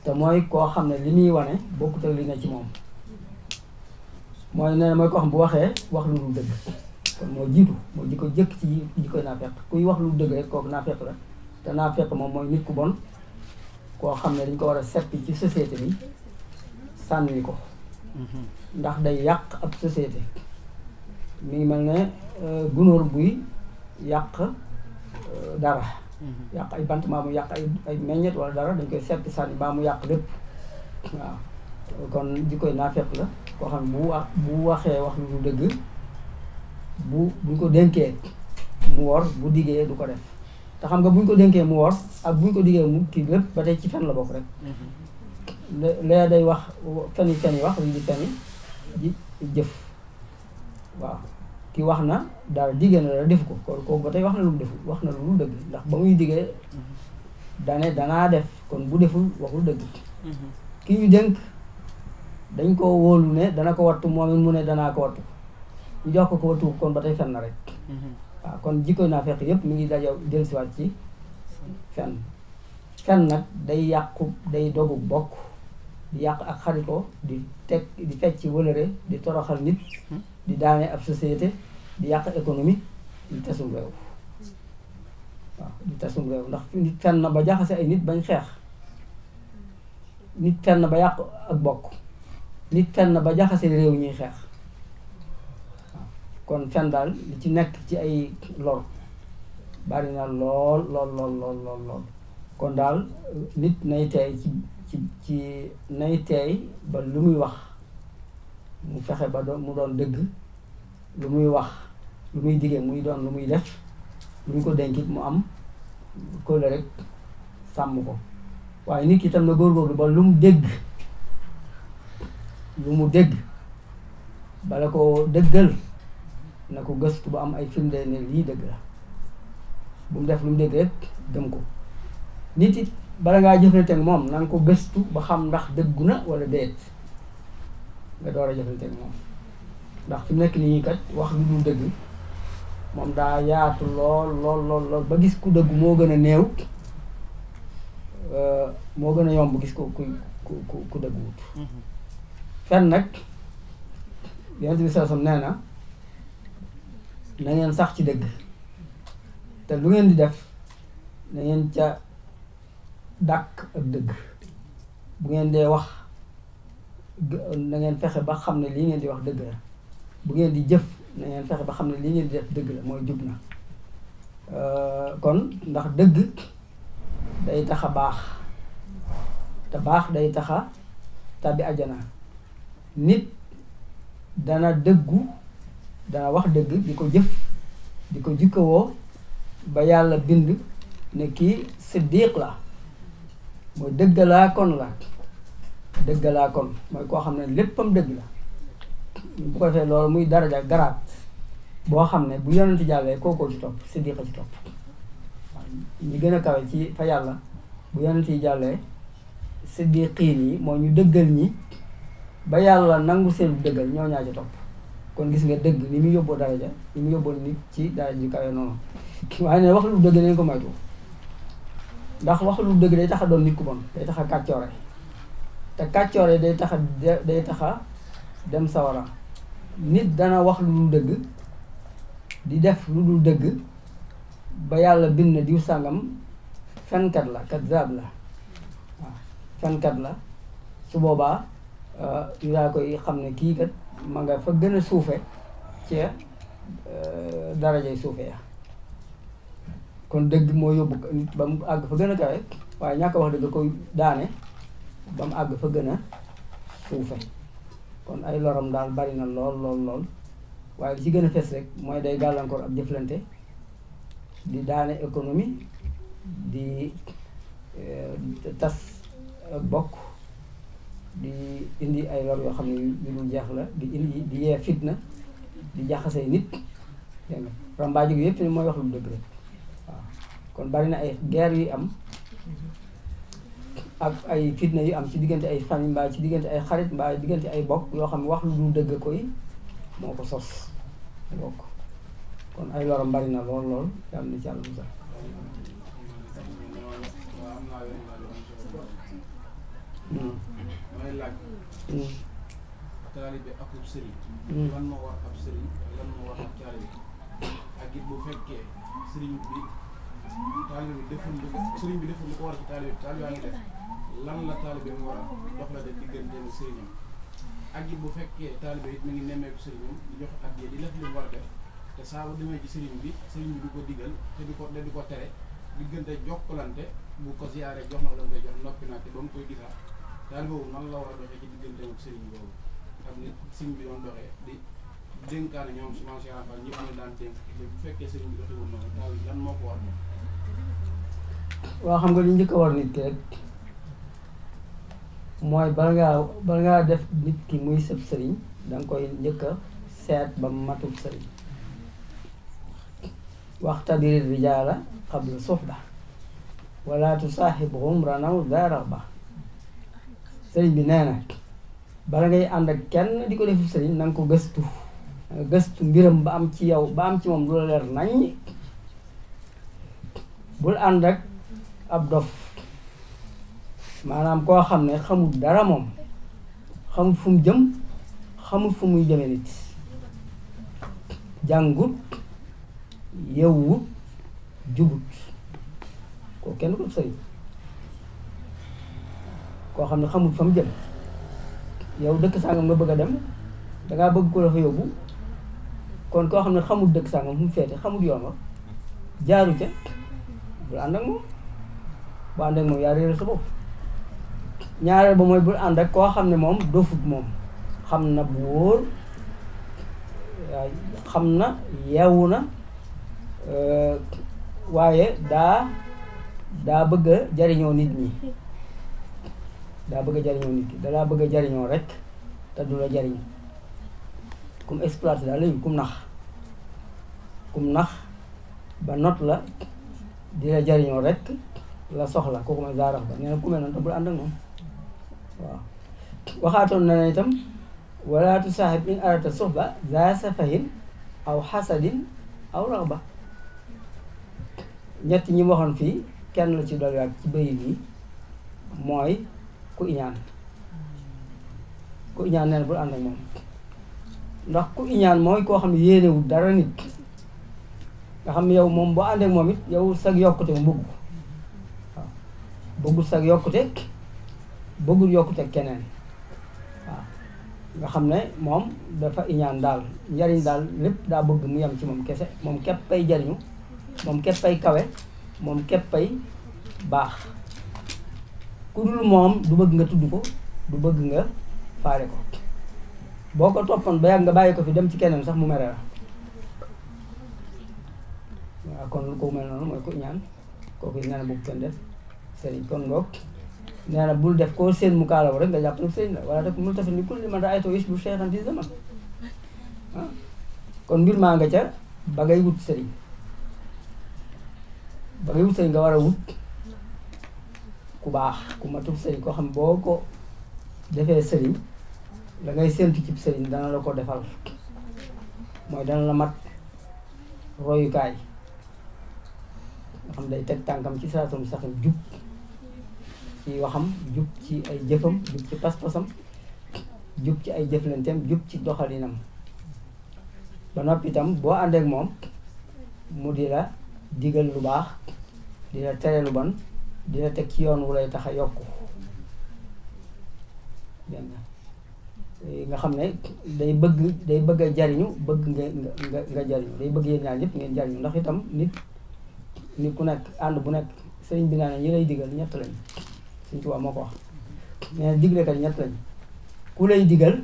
te mooy koo xam ne li muy wane bokkut li ne ci moom mooy nee na mooy koo xam bu waxee wax lu dul dëgg kon moo jiitu moo jikko jëkk ci jikkoy naa kuy wax lu dëgg rek kooku naa la te naa moom mooy nit ku bon koo xam ne dañ ko war a seppi ci société bi sànni ko mhm. ndax day yàq ab société mi ngi mel ne euh, gunóor buy yàq euh, dara mhm. yàq ay bant mbaa yàq ay ay meññet wala dara dañ koy seppi sànni mbaa mu yàq lépp waaw kon di koy naafeq la koo xam ne bu wax bu waxee wax lu dëgg bu buñ ko dénkee mu wor bu diggee du ko def te xam nga buñ ko dénkee mu wor ak bu buñ ko diggee mu kii lépp ba tey ci fen la bokk rek lee day wax fen yi fen yi wax li di fen yi jëf waaw ki wax na daal diggee na la def ko kon kooku ba tey wax na lu mu wax na lu dëgg ndax ba muy diggee danaa def kon bu deful waxul dëgg ki ñu dénk dañ ko wóolu ne dana ko wattu moom mu ne danaa ko wattu ñu jox ko ko wattu kon ba tey fen na rek waa kon jikko naa fekk yëpp mu ngi daje dellusiwaat ci fen fenn nag day yàqu day dogu bokk di yàq ak xaritoo di teg di ci wëlëre di toroxal nit di daane ab société di yàq économie di tasum réew waaw di tasum réew ndax nit fenn na ba jaxasee ay nit bañ xeex nit fenn ba yàq ak bokk nit fenn ba jaxase réew ñuy xeex kon fen daal li ci nekk ci ay lor bari na lool lool lool lool lool kon daal euh, nit nay teey ci ci nay teey ba lu muy wax mu fexe ba doon mu doon dëgg lu muy wax lu muy digee muy doon lu muy def lu ñu ko denkit mu am kóole rek sàmm ko waaye nit ki tam na góorgóorlu ba lu mu dégg lu mu dégg bala ko dëggal na ko gëstu ba am ay firnde ne lii dëgg la bu mu def lu mu dégg rek gëm ko nit it bala ngaa jëflante ak moom na ko gëstu ba xam ndax dëggu na wala déet nga door a jëflante ak moom ndax fi mu nekk nii kat wax lu dëgg moom daa yaatu lool lool lool ba gis ku dëgg moo gën a néew euh, moo gën a yomb gis ko ku ku ku ku dëgguwut mm-hmm. fenn nag yonent bi sallallahu alayhi wasallam nee na na ngeen sax ci dëgg te lu ngeen di def na ngeen ca dàkk ak dëgg bu ngeen dee wax na ngeen fexe ba xam ne lii ngeen di wax dëgg la bu ngeen di jëf na ngeen fexe ba xam ne lii ngeen di def dëgg la mooy jub na euh, kon ndax dëgg day taxa baax te baax day taxa tàbbi ajana nit dana dëggu daa wax dëgg di ko jëf di ko jikkawoo ba yàlla bind ne kii siddiq la mooy dëggalaa kon la dëggalaa kon mooy koo xam ne léppam dëgg la bu ko defee loolu muy daraja garaat boo xam ne bu yonent jàllee kookoo ci topp siddiq a ci topp ñi gën a kawe ci fa yàlla bu yonent yi jàllee siddiqiin yi moo ñu dëggal ñi ba yàlla nangu seen dëggal ñoo ñaa ci topp kon gis nga dëgg li mu yóbboo daraja ni mu yóbboo nit ci daraja ji kawe noonu *laughs* waaye ne wax lu dëgg nañ ko moytu ndax wax lu dëgg day tax a doon nit ku bon day taxa a kàccoore te kàccoore day tax a dem sawara nit dana wax lu dul dëgg di def lu dul dëgg ba yàlla bind na diw sàngam fenkat la kazaab la fenkat la su boobaa ñu euh, daa koy xam ne kii kat ma nga fa gën a suufe ci euh, darajay suufe ya kon dëgg moo yóbbu ba mu àgg fa gën a kawe waaye ñàkk wax dëgg koy daane ba mu àgg fa gën a suufe kon ay lorom daal bari na lool lool lool waaye li ci gën a fes rek mooy day gàllankoor ak jëflante di daane économie di euh, tas bokk di indi ay lor yo xamni yu dul jeex la di indi di ye fitna di jaxase nit dégg nga rambaaj gi moy wax lu deug rek kon bari na ay guerre yu am ak ay fitna yu am ci diggante ay fami mbaa ci diggante ay xarit mbaa diggante ay bokk yo xamni wax lu dul dëgg koy moo ko sos bokk kon ay loram bari na lool lool yàlla na ci yàlla musal Hmm. damay laaj. Mm. taalibe ak ab sëriñ. Mm. lan moo war ab sëriñ lan moo war ab taalibe ak it bu fekkee sëriñ bi taalibe bi deful lu sëriñ bi deful ko war ci taalibe taalibe a ngi def lan la taalibe mu war a dox la def digganteem sëriñam ak it bu fekkee taalibe it mi ngi nemmeeku sëriñam di jox ak yéen di def lu mu war a def te saa demee ci sëriñ bi sëriñ bi du ko digal te du ko te du ko tere diggante jokkalante bu ko jox na la ngay jox noppi naa te ba mu koy gisaa. daal boobu nan bu fekkee sëriñ xam nga li njëkk a war nit ki mooy bala ngaa bala ngaa def nit ki muy sëb sëriñ da koy njëkk seet ba matul sëriñ waxtabir rijaala qabla suhba wala tusaaxibhum ranaw daa raxba sëriñ bi nee na bala ngay ànd ak kenn di ko def sëriñ na nga ko gëstu gëstu mbiram ba am ci yow ba am ci moom lu la leer nañ bul ànd ak ab dof maanaam koo xam ne xamul dara moom xamul fu mu jëm xamul fu muy jëme nit jàngut yewwut jubut ko kenn ko sëriñ koo xam ne xamul fa mu jëm yow dëkk sàngam nga bëgg a dem dangaa bëgg ko la yóbbu kon koo xam ne xamul dëkk sàngam fu mu feete xamul yoon wa jaaru ca bul ànd ak moom bu ànd ak moom yaa réeral sa bopp ñaareel ba mooy bul ànd ak koo xam ne moom dofut moom xam na bu wóor xam na yeewu na euh, waaye daa daa bëgg jariñoo nit ñi daa bëgg a nit ki la bëgg a rek ta du la jariñ kum exploiter da lay kum nax kum nax ba not la di la jariñoo rek la soxla ko mooy zaarax ba neena na ku mel noonu te bul ànd ak mom waaw waxaatoon na ne itam wala sahib in arata ah, suhba za safahin aw hasadin aw raxba ñet ñi waxoon fi kenn la ci ak ci beuy ni moy ku iñaan ku iñaan nee na bul ànd moom ndax ku iñaan mooy koo xam ne yéenewul dara nit nga xam ne yow moom boo ànd ak moom it yow sag yokkute mu bëgg waaw bëggul sag yokkute bëggul yokkute keneen waaw nga xam ne moom dafa iñaan daal njariñ daal lépp daa bëgg mu yem ci moom kese moom képp ay jariñu moom képp ay kawe moom képp ay baax kudul mom du bëgg nga tuddu ko du bëgg nga faale ko boko topon ba nga bayiko fi dem ci kenen sax mu mere la kon lu ko mel non moy ko ñaan ko nee ñaan bu kenn def sëriñ kon ngok nee bul def ko seen mu kala rek nga japp nag seen wala rek mu tafi ni kul li man to bu cheikhan fi zaman ah, kon mbir ma nga ca ba ngay wut sëriñ ba ngay wut sëriñ nga wara wut ku baax ku matul sëriñ koo xam boo ko defee sëriñ la ngay séntu cib sëriñ dana la ko defal mooy dana la mat royukaay nga xam day teg tànkam ci saraatum sax jub ci waxam jub ci ay jëfam jub ci pas-pasam jub ci ay jëflanteem jub ci doxalinam ba noppi itam boo àndeek moom mu di la digal lu baax di la tere lu bon dina teg ci yoon wu lay tax a yokku dégg nga eh, xam ne day bëgg day bëgg jariñu bëgg nga nga nga jariñu day bëgg yéen ñaar ñëpp ngeen jariñu ndox itam nit nit ku nekk ànd bu nekk sëriñ bi naa ne ñi lay digal ñett lañ suñ tubaab moo ko wax nee na diglekat ñett lañ ku lay digal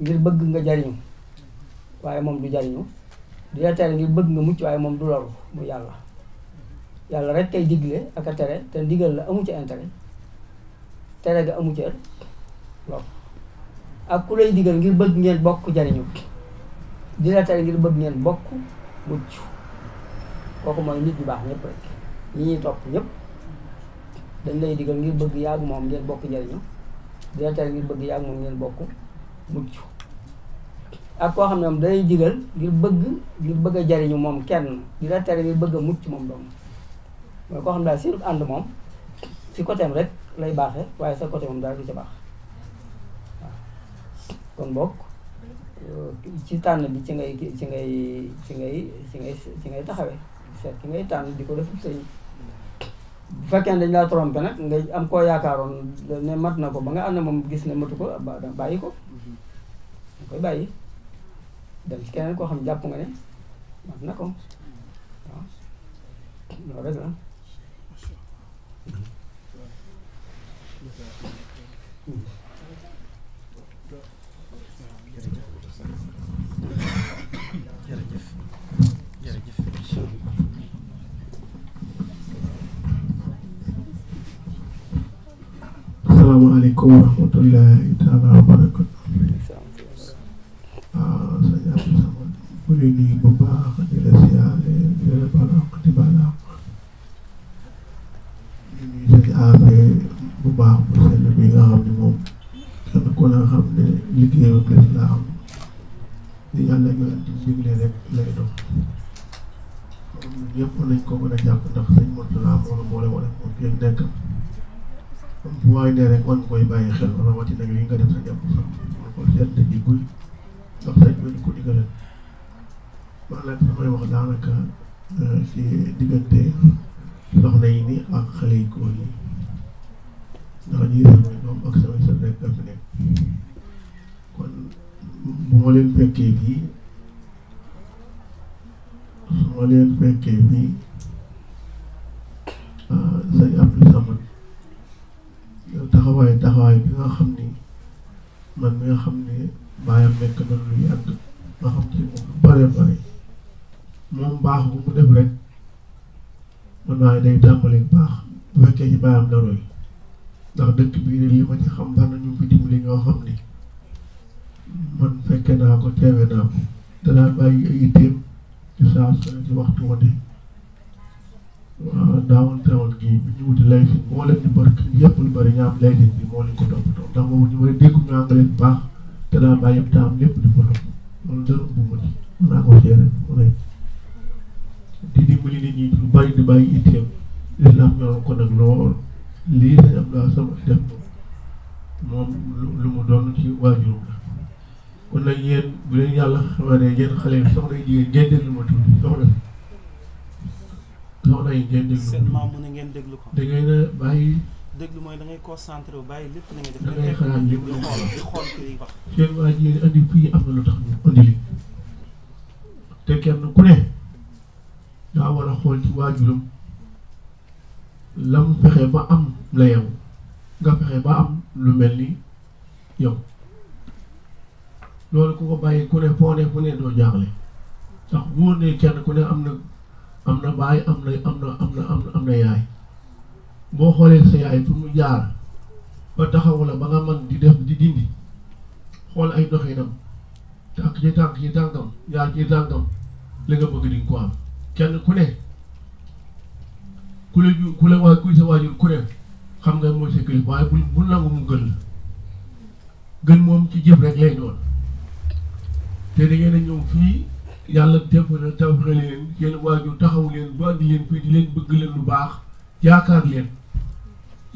ngir bëgg nga jariñu waaye moom du jariñu di la tere ngir bëgg nga mucc waaye moom du loru mu yàlla yàlla rek kay digle ak a tere te ndigal la amu ci intérêt tere ga amu ci lool ak ku lay digal ngir bëgg ngeen bokk jariñu di la tere ngir bëgg ngeen bokk mucc kooku mooy nit ñu baax ñëpp rek ñi ñuy topp ñëpp dañ lay digal ngir bëgg yàgg moom ngeen bokk njariñu di la tere ngir bëgg yàgg moom ngeen bokk mucc ak koo xam ne moom dalay digal ngir bëgg ngir bëgg a jariñu moom kenn di la tere ngir bëgg a mucc moom doomu ko xam daal seen ànd moom si côté am rek lay baaxee waaye sa côté moom daal du ca baax kon bokk euh, ci tànn bi ci ngay ci ngay ci ngay ci ngay ci ngay taxawee seet ki ngay tànn di ko def sëñ bu fekkee dañ laa trompé nag ngay am koo yaakaaroon ne mat na ko ba nga ànd moom gis ne matu ko bàyyi ko nga koy bàyyi dem ci keneen koo xam jàpp nga ne mat na ko waaw loolu rek la jërëjëf jërëjëf asalaamaaleykum wa wa barakatu waaw sëñ Abdou Samad bu di nuyu bu baax di la siyaare la balaq di balaq di nuyu bu baax bu sell bi nga xam ne moom kenn ku ne xam ne liggéey ak lislaam di yàlla yonent bi digle dox ñëpp nañ ko mën a jàpp ndax sëñ Mourtala moom moo la wane moom yëg nekkam bu waay ne rek wan koy bàyyi xel rawatina li nga def sa jàpp sax man ko seet dañuy guy ndax sëñ bi ko digale man nag samay wax daanaka euh, ci diggante soxna yi nii ak xale yu góor yi ndax ñuy samay doom ak samay sa nekk ak kon bu leen fekkee bii su ma leen fekkee bii ah, sañ ab li saman taxawaay taxawaay bi nga xam ni man mi nga xam ne bàyyam nekk na lu yàgg nga xam ci moom lu bare bare moom baax bu mu def rek man naa day tàmbali baax bu fekkee ci bàyyam la roy ndax dëkk bii de li ma ci xam daan nañu fi dimbali ñoo xam ni man fekke naa ko teewe naa ko danaa bàyyi ay ci saa su ci waxtu wane waaw daawul teewul gi bi ñu wuti lay moo leen di bër yëpp lu bari ñaam lay sin bi moo leen ko toppatoo ndax boobu ñu anglais bu baax danaa bàyyi ab taam lépp di ko topp di bàyyi di islam ñoroon ko nag lool lii dañ am daa sama def moom lu mu doon ci waajurum la kon nag yéen bu leen yàlla xamane yéen xale yi soxna yi jigéen ngeen déglu ma tuuti soxna soxna yi ngeen déglu seen maam mu ne ngeen déglu ko da ngay na bàyyi déglu mooy da ngay concentré wu bàyyi lépp na ngay def da ngay di xool am na lu tax ñu andi ku ne daa war a xool ci waajuram lam fexe ba am la yow nga fexe ba am lu mel ni yow loolu ku ko bàyyi ku ne foo ne fu ne doo jaaxle ndax wóor ne kenn ku ne am na am na baay am na am na am na am na yaay boo xoolee sa yaay fu mu jaar ba taxaw la ba nga man di def di dindi xool ay doxinam tànk ci tànk ci tànkam yaa ci tànkam li nga bëgg di nga am kenn ku ne ku la ju ku la waa kuy sa waajur ku ne xam nga mooy sa kilifa waaye bu bu nangu mu gën la gën moom ci jëf rek lay doon te da ngeen a ñëw fii yàlla def na taw na leen yéen waajur taxaw leen ba andi leen fii di leen bëgg leen lu baax yaakaar leen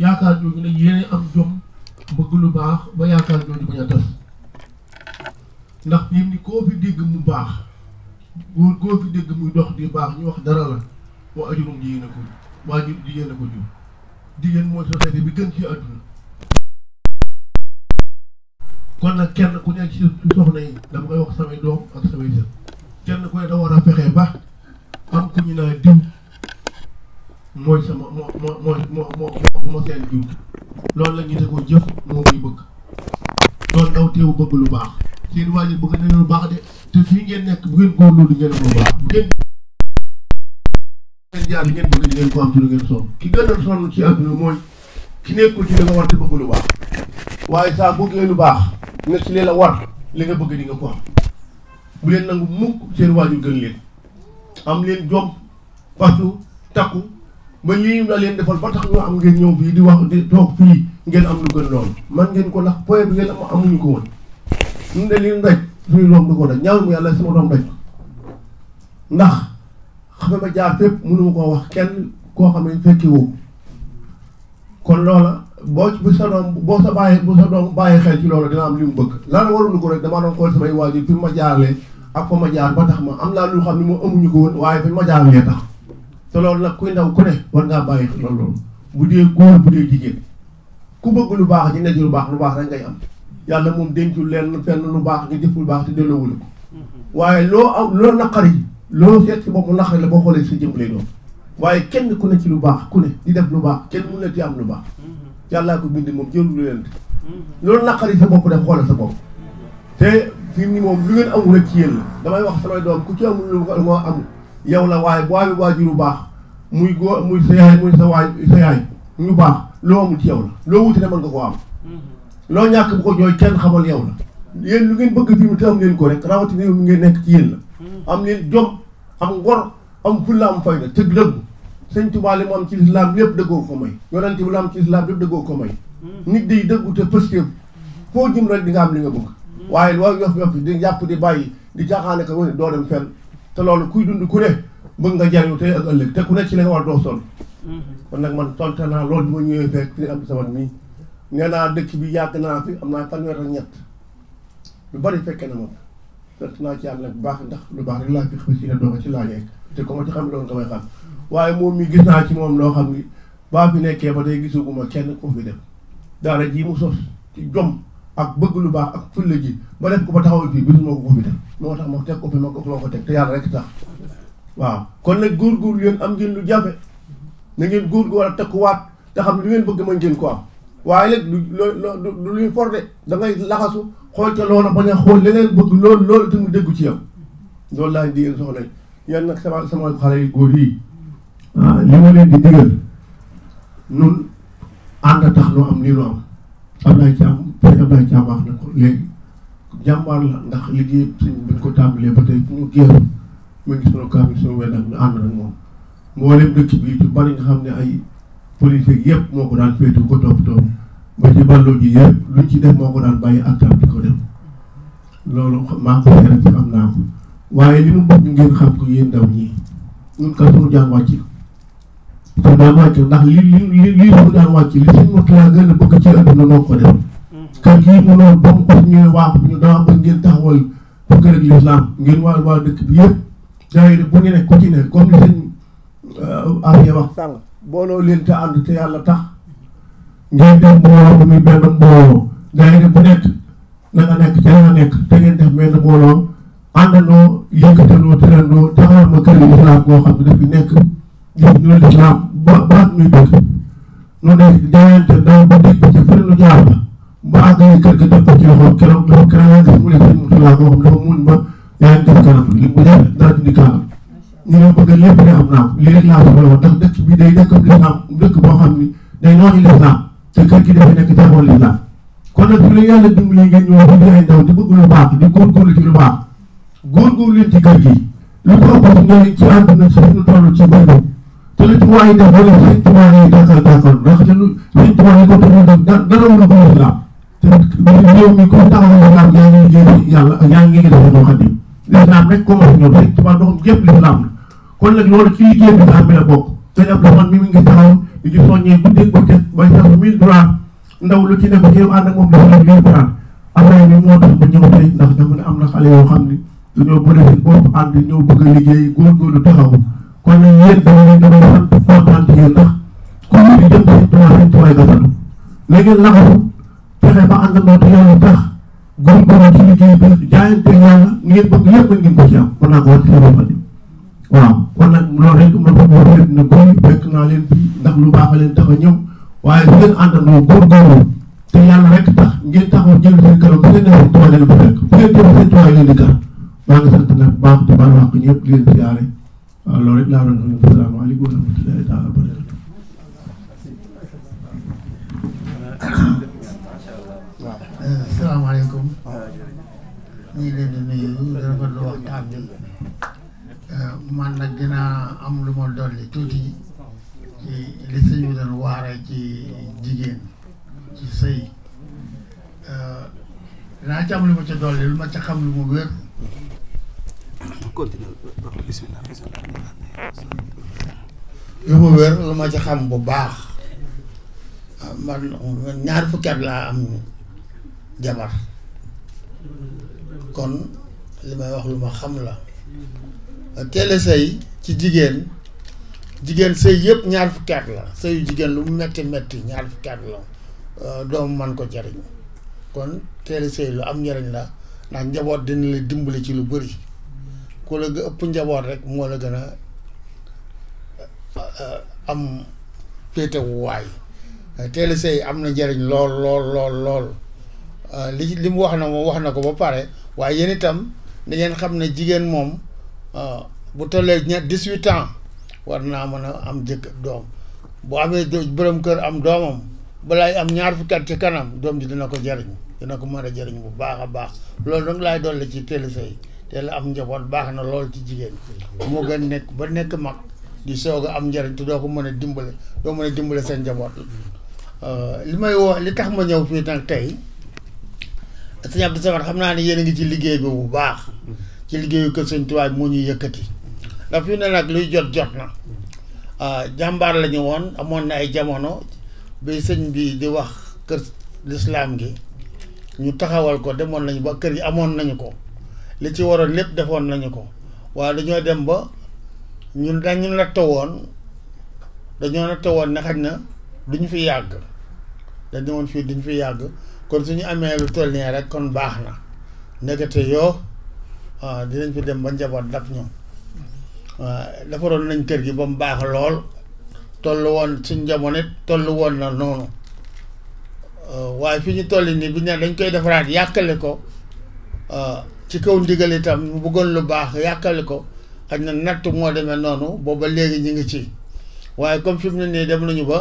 yaakaar jooju nag yéen am jom bëgg lu baax ba yaakaar jooju bañ a tas ndax fii ni koo fi dégg mu baax góor koo fi dégg muy dox di baax ñu wax dara la wa ajurum ji na ko. waajur jigéen la ko jur jigéen bi gën ci àdduna kon nag kenn ku nekk ci soxna yi dama koy wax samay doom ak samay sët kenn ku ne da war a fexe ba am ku ñu naa diw mooy sama moo moo moo moo moo moo seen diw loolu la ñu ne ko jëf moo koy bëgg loolu daw teewu bëgg lu baax seen waajur bëgg nañu lu baax de te fii ngeen nekk bu ngeen góorlu di ngeen lu baax bu ngeen ngeen jaar li ngeen bëgg di ngeen ko am ci lu ngeen sonn ki gën a sonn ci àdduna mooy ki nekkul ci li nga war te bëgg lu baax waaye saa bëggee lu baax ne ci li la war li nga bëgg di nga ko am bu leen nangu mukk seen waajur gën leen am leen jom partout takku ba lii la leen defal ba am ngeen ñëw fii di wax di toog ngeen am lu gën loolu man ngeen ko ndax point bi ngeen am amuñu ko woon ñun de leen daj suñu doom da ko daj ñaawul mu yàlla sama doom daj ndax xam ma jaar fépp mënuma koo wax kenn koo xam ne fekki woo kon loola boo bu sa doom boo sa bàyyi bu sa doom bàyyi xel ci loolu dina am li mu bëgg lan waruñu ko rek dama doon xool samay waajur fi ma jaarlee ak fa ma jaar ba tax ma am naa lu xam ne moom amuñu ko woon waaye fi ma jaarlee tax te loolu nag kuy ndaw ku ne war ngaa bàyyi xel loolu bu dee góor bu dee jigéen ku bëgg lu baax ñu ne lu baax lu baax rek ngay am yàlla moom dencu leen fenn lu baax nga jëf lu baax te delloowul mm-hmm. waaye loo loolu seet si bopp mu la boo xoolee sa jëm lay doon waaye kenn ku ne ci lu baax ku ne di def lu baax kenn mun na ci am lu baax mm-hmm. yàllaa ko bind moom jëlul lu leen mm-hmm. loolu naqari sa bopp def xoolal sa bopp mm-hmm. te fii nii moom lu ngeen amul rek ci yéen la damay wax samay doom ku ci amul lu moo amul yow la waaye boo amee waajur bu baax muy góor muy sa yaay muy sa waay ñu baax loo amul ci yow la loo wuti ne mën nga koo am loo ñàkk bu ko jooy kenn xamal yow la yéen lu ngeen bëgg fi mu te am leen ko rek rawatina yow mi ngeen nekk ci yéen la am leen jom am ngor am fulla am fayda te dëggu sëñ Tuubaa li mu am ci lislaam lépp dëggoo ko may yonent la am ci dëggoo ko may mm. nit day dëggu te pëstéef foo jëm rek di nga am li nga bëgg mm. waaye loolu yof yof di jàpp di bàyyi di jaaxaane ko wane doo dem fenn te loolu kuy dund ku ne bëgg nga jariñu tey ak ëllëg te ku ne ci la nga war doo sol mm-hmm. kon nag man tonte naa loolu bi ma ñëwee fekk fi am saman mii nee naa dëkk bi yàgg naa fi am naa fanweer ak ñett lu bari fekkee na moom sant naa ci yàlla bu baax ndax lu baax rek laa ci xëy si ne doo ko ci laajee te ko ma ci xam nga may xam waaye moom mi gis naa ci moom loo xam ni baa fi nekkee ba tey gisuguma kenn ko fi def daara ji mu sos ci jom ak bëgg lu baax ak fulla ji ba def ko ba taxawal fii bis moo ko fi def moo tax ma teg ko fi ma ko ma ko te yàlla rek tax waaw kon nag góorgóorlu yéen am ngeen lu jafe na ngeen góorgóorlu ak takkuwaat te xam lu ngeen bëgg mën ngeen ko am waaye nag lu loo lu luy forde da ngay laxasu xool ca loola bañ a xool leneen bëgg loolu loolu te mu déggu ci yow loolu laa di yéen soxna yéen nag sama sama xale yu góor yi ah, li ma leen di digal nun ànd tax nu am lii nu am Ablaye Thiam tey Ablaye Thiam wax na ko léegi jàmbaar la ndax liggéey suñ buñ ko tàmbalee ba tey fu ñu géeru mu ngi sunu kaamil sunu wér nag ñu ànd nag moom mboolem dëkk bi ci bari nga xam ne ay politique yëpp moo ko daan féetu ko topp topp ba ñu ballu ji yëpp luñ ci def moo ko daan bàyyi ak di ko def loolu maa ko rek am naa ko waaye li mu bëgg ngeen xam ko yéen ndaw ñi ñun kat suñu jàng wàcc suñu daan wàcc li li li suñu daan wàcc li suñu motulaa a bëgg ci àdduna noo ko def kër gii mu noonu ba mu ko ñëwee waax ñu dama bëgg ngeen taxawal bëgg rek lislaam ngeen waa dëkk bi yëpp daayira bu ñu nekk ku ci nekk comme li sëñ euh, Afia wax booloo leen te ànd te yàlla tax ngeen def mbooloo bu muy benn mbooloo ngay def bu nekk na nga nekk ca nga nekk te ngeen def benn mbooloo àndandoo yëkkatandoo tërandoo taxawal ma kër yi lislaam boo xam ne daf fi nekk ñoom ñoo lislaam ba baat muy bëgg nu nekk jaayante daw ba dégg ci fële nu jaar ba àgg yi kër ga def ko ci loxoom keroog dafa keroog def mu nekk sëñ Moussa boo xam dafa mun ba yaa ngi def kanam li mu def dara di kanam ñu ne bëgg lépp de am naa lii rek laa soxla woon ndax dëkk bi day dëkk lislaam dëkk boo xam ni day noonu lislaam te kër gi dafa nekk jàppoon lislaam kon nag bu la yàlla dimbalee ngeen ñëw ba di ay ndaw di bëgg lu baax di góorgóorlu ci lu baax góorgóorlu leen ci kër gi lu ko ëpp ñooy ci àdduna si ñu toll ci góorgóorlu te lu ci waay def wala seen tubaab yi dakkal dakkal ndax te lu seen tubaab yi ko tubaab def dara dara wala ko lislaam te réew mi ko taxaw na daal yaa ngi liggéey yàlla yaa ngi ngi def ñoo xam ne lislaam rek ko wax ñoom seen tubaab doxam yëpp lislaam la kon nag loolu ci liggéey bi la bokk sëñ Abdourahmane mi mi ngi taxaw di ci soññee guddeeg bëccëg bay sax 1000 dollars ndaw lu ci ne ba ci yow ànd ak moom dafa tax ba ñëw tey ndax dafa ne am na xale yoo xam ne dañoo bëri seen bopp ànd ñëw bëgg a liggéey góorgóorlu taxaw kon nag yéen dama leen dama sant kontaan ci yéen ndax ku ñu di jëm seen tubaab ba ànd noo te yàlla tax ci liggéey bi jaayante yàlla ngeen bëgg yëpp ngeen ko am kon naa ko wax ci sa bopp waaw kon nag loolu rek ma fa ma fekk na góor yi fekk naa leen fi ndax lu baax leen tax a ñëw waaye su ngeen àndandoo góorgóorlu te yàlla rek tax ngeen taxaw jël seen kanam bu ngeen defee tuwaay leen bu fekk bu ngeen jëm seen tuwaay leen di kar man nag dinaa am lu ma dolli tuuti ci li sëñ bi doon waare ci jigéen ci sëy dinaa euh, ci am lu ma ci dolli lu ma ci xam lu mu wér lu ma ci xam bu baax man ñaar fukki laa am jabar kon li may wax lu ma xam la teel a ci jigéen jigéen sëy yëpp ñaar fukki la sëyu jigéen lu mu metti metti ñaar fukki la euh, doomu man ko jariñ kon teel a lu am njariñ la ndax njaboot dina la dimbali ci lu bari ku la ëpp njaboot rek moo la gën a euh, euh, am féetewuwaay teel a sëy am na njariñ lool lool lool lool li li mu wax na moom wax na ko ba pare waaye yéen itam da xam ne jigéen moom bu tollee ña dix-huit ans war naa mën a am jëkk doom boo amee borom kër am doomam balaay am ñaari fukki at ci kanam doom ji dina ko jariñ dina ko mën a jariñ bu baax a baax loolu nag laay dolli ci teel sëy la am njaboot baax na lool ci jigéen moo gën nekk ba nekk mag di soog am njariñ te doo ko mën a dimbale doo mën a dimbale seen njaboot euh, li may wo li tax ma ñëw fii nag tey sëñ Abdou Samad xam naa ne yéen a ngi ci liggéey bi bu baax ci liggéeyu kër sëñ Tuubaa moo ñuy yëkkati ndax fi ne nag luy jot jot na ah, jàmbaar lañu woon amoon na ay jamono bi sëñ bi di wax kër lislaam gi ñu taxawal ko demoon nañu ba kër yi amoon nañu ko li ci waroon lépp defoon nañu ko waaye dañoo dem ba ñun dañu natt woon dañoo natt woon ne xaj na duñu fi yàgg dañu woon fii duñu fi yàgg kon suñu amee lu toll nii rek kon baax na ndekete yoo waaw ah, dinañ ko dem ba njaboot dab ñoom waaw ah, defaroon nañ kër gi ba mu baax lool toll woon suñ jamono toll woon na noonu ah, waaye fi ñu toll nii bi ne dañ koy defaraat yàkkale ko ci kaw ndigal itam mu bëggoon lu baax yàkkale ko xaj na natt moo demee noonu booba léegi ñu ngi ci waaye comme fi mu ne nii dem nañu ba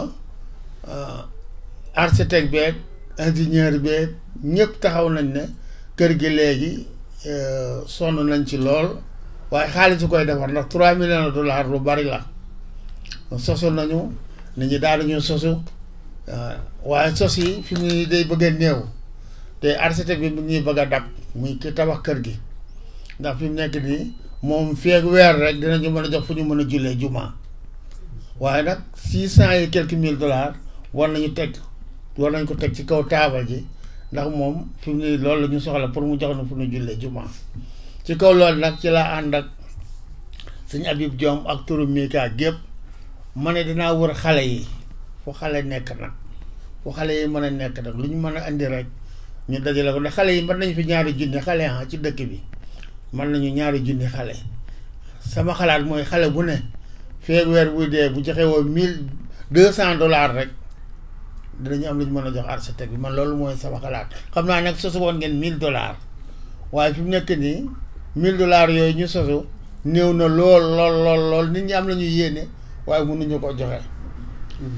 architecte beeg ingénieur beeg ñëpp taxaw nañ ne kër gi léegi Eh, sonn nañ ci lool waaye xaalis su koy defar ndax trois millions de dollars lu bari la sosu nañu nit ñi daal ñu sosu eh, waaye sos yi fi muy day bëgg a néew te architecte bi mu ñuy bëgg a dab muy ki tabax kër gi ndax fi mu nekk nii moom feeg weer rek dinañu mën a jox fu ñu mën a jullee juma waaye nag six cent et quelques mille dollars war nañu teg war nañ ko teg ci kaw ji ndax moom fi mu ne loolu la ñu soxla pour mu joxnu fu ñu julle juma ci kaw loolu nag ci laa ànd ak sëñ abib Diom ak turu Mika gépp ma ne dinaa wër xale yi fu xale nekk nag fu xale yi mën a nekk nag lu ñu mën a andi rek ñu dajale ko ndax xale yi mën nañ fi ñaari junni xale ha ah, ci dëkk bi mën nañu ñaari junni xale sama xalaat mooy xale bu ne feebar bu dee bu joxe woo mille deux cent dollars rek. dinañu am lu ñu mën a jox architecte bi man loolu mooy sama xalaat xam naa nag sosu woon ngeen mille dollars waaye fi mu nekk nii mille dollars yooyu ñu sosu néew na lool lool lool lool nit ñi am la ñuy yéene waaye nañu ko joxe.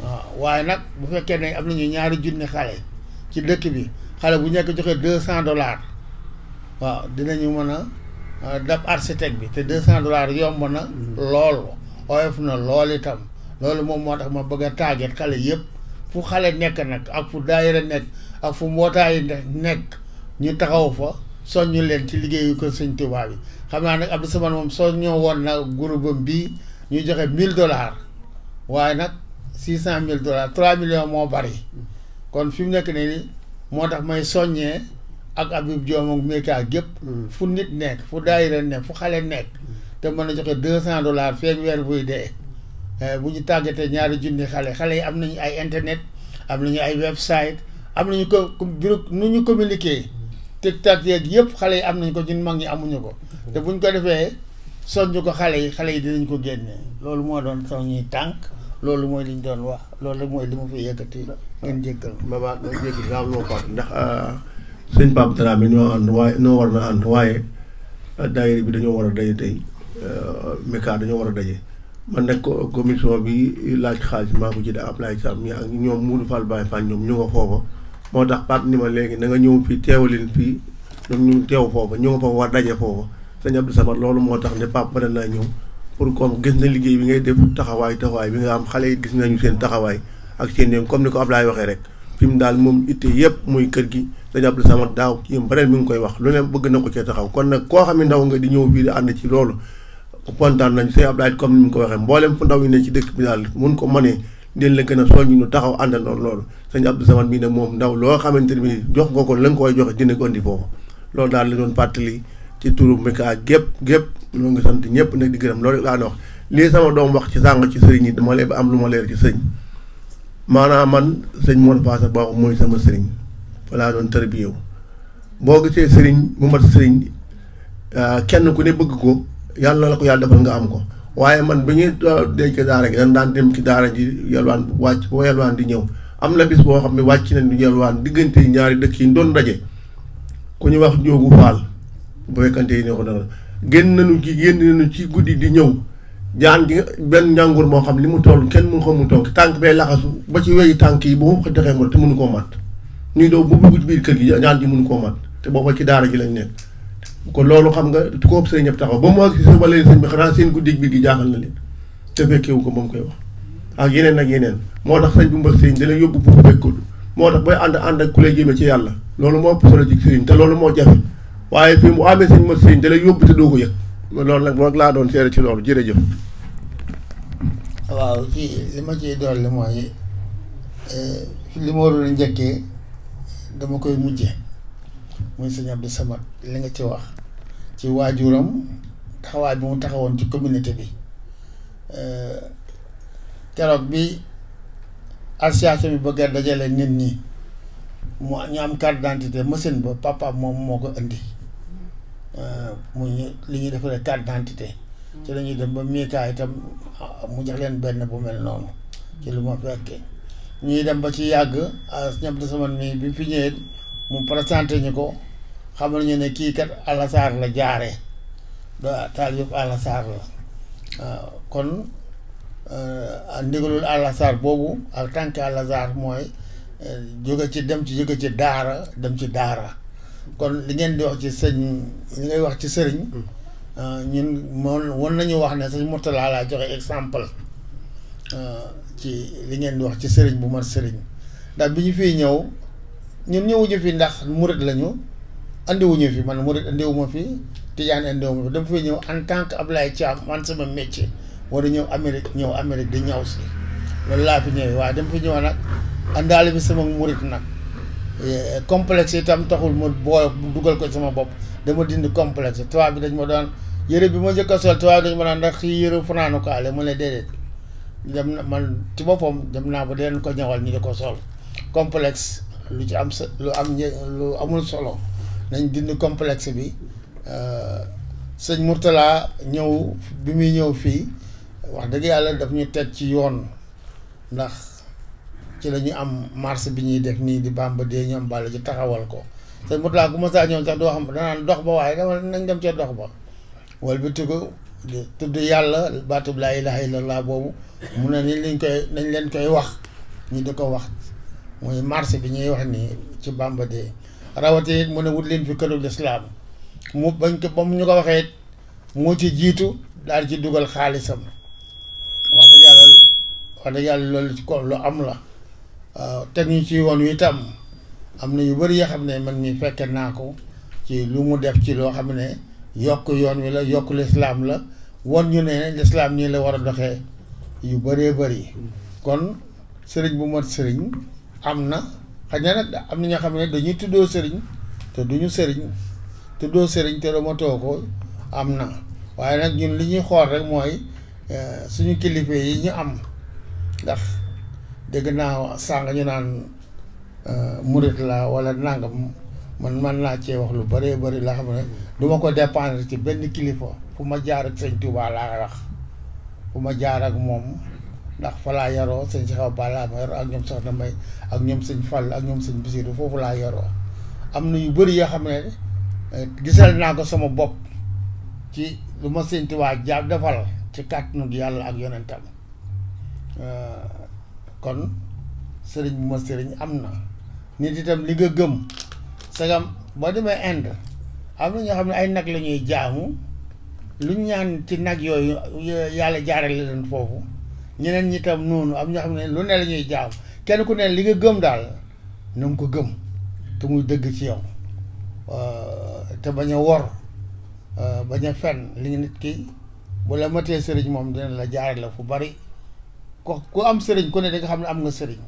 waaw waaye nag bu fekkee ne am nañu ñaari junni xale ci dëkk bi xale bu nekk joxe deux cent dollars waaw dinañu mën a dab architecte bi te deux cent dollars yomb na. Mm. lool oyof na lool itam loolu moom moo tax ma bëgg a tàggat xale yëpp. fu xale nekk nag ak fu daayira nekk ak fu mbootaayi nekk ñu taxaw fa soññu leen ci liggéeyu ko sëñ Tuubaa yi xam naa nag Abdou Samane moom soññoo woon nag groupe am bii ñu joxe mille dollars waaye nag six cent mille dollars trois millions moo bari kon fi mu nekk nii moo tax may soñee ak Habib Diom ak Meka gépp mm. fu nit nekk fu daayira nekk fu xale nekk te mën a joxe deux cent dollars feeñ weer buy dee Eh, bu ñu tàggatee ñaari junni xale xale yi am nañu ay internet am na ñu ay website am nañu ko bureau nu ñu communiquer TikTok yeeg yëpp xale yi am nañ ko ñun mag ñi amuñu ko. te buñ ko defee soññu ko xale yi xale yi dinañ ko génne loolu moo doon son soññuy tànk loolu mooy li ñu doon wax loolu mooy lu mu fi yëkkati ngeen jéggal. maman nga jéggi daaw loo pax ndax ah. Ah, sëñ Pape Dramé ñoo ànd waaye ñoo war na ànd waaye ah, daayira bi dañoo war a daje tey Mika dañoo war a daje. man nag commission bi laaj xaalis maa ko jiite Ablaye Sam mi ak ñoom Moudou Fall Baye Fall ñoom ñu nga foofa moo tax Pape ni ma léegi na nga ñëw fii teewalin fii ñoom ñu teew foofa ñu nga foofa war daje foofa sëñ Abdou Samad loolu moo tax ne Pape mën naa ñëw pour comme gis na liggéey bi ngay def taxawaay taxawaay bi nga am xale yi gis nañu seen taxawaay ak seen yoon comme ni ko Ablaye waxee rek fi mu daal moom itte yëpp muy kër gi sëñ Abdou Samad daaw yëm baneen mi ngi koy wax lu ne bëgg na ko cee taxaw kon nag koo xam ne ndaw nga di ñëw fii di ànd ci loolu kontaan nañ sëñ Abdoulaye comme ni ñu ko waxee mboolem fu ndaw yi ne ci dëkk bi daal mun ko mënee dinañ la gën a soññ ñu taxaw àndandoo loolu sëñ Abdou Samad mii ne moom ndaw loo xamante ni bi jox nga ko la nga koy joxe dina ko andi foofu loolu daal la doon fàttali ci turu Mika gépp gépp ñoo ngi sant ñëpp nag di gërëm loolu laa wax sama doom wax ci sàng ci sëriñ yi dama lay ba am lu ma leer ci sëriñ maanaam man sëñ Mor Faasa Baaxu mooy sama sëriñ balaa doon tërbiyewu boo gisee sëriñ mu mat sëriñ ah, kenn ku ne bëgg ko yàlla la ko yàlla defal nga am ko waaye man ba ñuy uh, denc daara gi dañ daan dem ci daara ji yalwaan wàcc boo yalwaan di ñëw am na bis boo xam ne wàcc nañ di yalwaan diggante ñaari dëkk yi doon daje ku ñu wax Njoogu Faal bu fekkante yi ne ko dana génn génn nañu ci guddi di ñëw jaan gi benn njàngur moo xam li mu toll kenn mu ko mu toog tànk bee laxasu ba ci weyu tànk yi boo ko defee mu te koo mat ñuy doo bu bugg ci biir kër gi ñaan ji mënu koo mat te booba ci daara ji lañu nekk ko loolu xam nga kooku sëñ ñëpp taxaw ba mu agsi ba léegi sëñ bi xanaa seen guddig bi gi jaaxal na leen te fekkewu ko moom koy wax ak yeneen ak yeneen moo tax sëñ bu mbëg sëñ dina yóbbu moo tax ànd ànd ak ku lay ci yàlla loolu moo moo jafe waaye fii mu amee sëñ mbëg sëñ dalay yóbbu te doo ko yëg loolu nag nag laa doon ci loolu jërëjëf waaw ci li ma ciy dolli mooy eh, li ma waroon a njëkkee dama koy mujje muy sëñ Abdou Samad li nga ci wax ci waajuram taxawaay bi mu taxawoon ci communauté bi euh, keroog bi association bi bëggee dajale nit ñi mu ñu am carte d'identité machine ba papa moom moo ko indi euh, mu ñu li ñuy defaree carte d'identité ci la dem ba miikaay itam ah, mu jox leen benn bu mel noonu ci lu ma fekkee ñuy dem ba ci yàgg ah, ñam de semaine nii bi fi ñëwee mu présenté ñu ko xamal ñu ne kii kat àllasaar la jaare da taal yëpp àllasaar la kon kon euh, ndigalul àllasaar boobu ak tànk àllasaar mooy euh, jóge ci dem ci jóge ci daara dem ci daara kon li ngeen di wax ci sëñ li wax ci sëriñ hmm. euh, ñun moom wan nañu wax ne sëñ Mourtala laa joxe exemple ci li ngeen di wax ci sëriñ bu mat sëriñ ndax bi ñu fiy ñëw ñun ñëwuñu jëfi ndax murit lañu andiwuñu fi man Murid andiwuma fi Tijaan andiwuma fi dama fi ñëw en tant que Ablaye Thiam man sama métier war a ñëw Amérique ñëw Amérique di ñaw si loolu laa fi ñëwee waaye dama fi ñëw nag àndaale bi sama Murid nag eh, complexe itam taxul ma boo dugal ko sama bopp dama dindi complexe tubaab bi dañ ma daan yëre bi ma njëkk a sol tubaab bi dañ ma doon ndax xii yëre funaanukaale mu ne déedéet dem na man ci boppam dem naa ba deen ko ñëwal ñu di ko sol complexe lu ci am sa lu am lu amul solo nañ dindi complexe bi euh, sëñ Mourtala ñëw bi muy ñëw fii wax dëgg yàlla daf ñu teg ci yoon ndax ci la am marché bi ñuy def nii di Bamba dee ñu am bàll ji taxawal ko sëñ Mourtala ku ma saa ñëw sax doo xam danaan dox ba waaye dama nañ dem cee dox ba wala bi tugg tudd yàlla baatub laa ilaha illallah boobu mu ne ni lañ koy nañ leen koy wax ñu di ko wax muy marché bi ñuy wax nii ci bàmba dee rawatee it mu ne wut leen fi këru lislaam mu bañ ba ñu ko waxee moo ci jiitu daal ci dugal xaalisam wax dëgg yàlla wax dëgg loolu ci ko lu am la waaw teg ñu ci woon wi tam am na yu bëri yoo xam ne man mi fekke naa ko ci lu mu def ci loo xam ne yokk yoon wi la yokk lislaam la won ñu ne lislaam nii la war a doxee yu bëree bëri kon sëriñ bu mat sëriñ am na xaj na nag am na ñoo xam ne dañuy tuddoo sëriñ te duñu sëriñ tuddoo sëriñ te dama too ko am na waaye nag ñun li ñuy xool rek mooy eh, suñu kilifa yi ñu am ndax dégg naa sàng ñu naan eh, murit la wala nangam man man naa cee wax lu bëree bari la xam ne du ma ko dépendre ci benn kilifa fu ma jaar ak sëñ Tuubaa laa wax fu ma jaar ak moom ndax fa laa yaroo sëñ Cheikh Ba laa ma yaroo ak ñoom soxna May ak ñoom seen Fall ak ñoom sëñ Bisiru foofu laa yaroo am na yu bari yoo xam ne eh, gisal naa ko sama bopp ci lu ma séntu waa ja defal ci kàttanu yàlla ak yonentam eh, kon sëriñ bu ma sëriñ am na nit itam li nga gëm sagam boo demee Inde am na ñoo xam ne ay nag lañuy jaamu lu ñaan ci nag yooyu yàlla jaarale leen foofu ñeneen ñi tam noonu am ñoo xam ne lu ne la ñuy jaam kenn ku ne li nga gëm daal na ko gëm te muy dëgg ci yow euh, te bañ a wor euh, bañ a fenn li nga nit ki bu la matee sëriñ moom dina la jaarale la fu bari ko ku am sëriñ ku ne da nga xam ne am nga sëriñ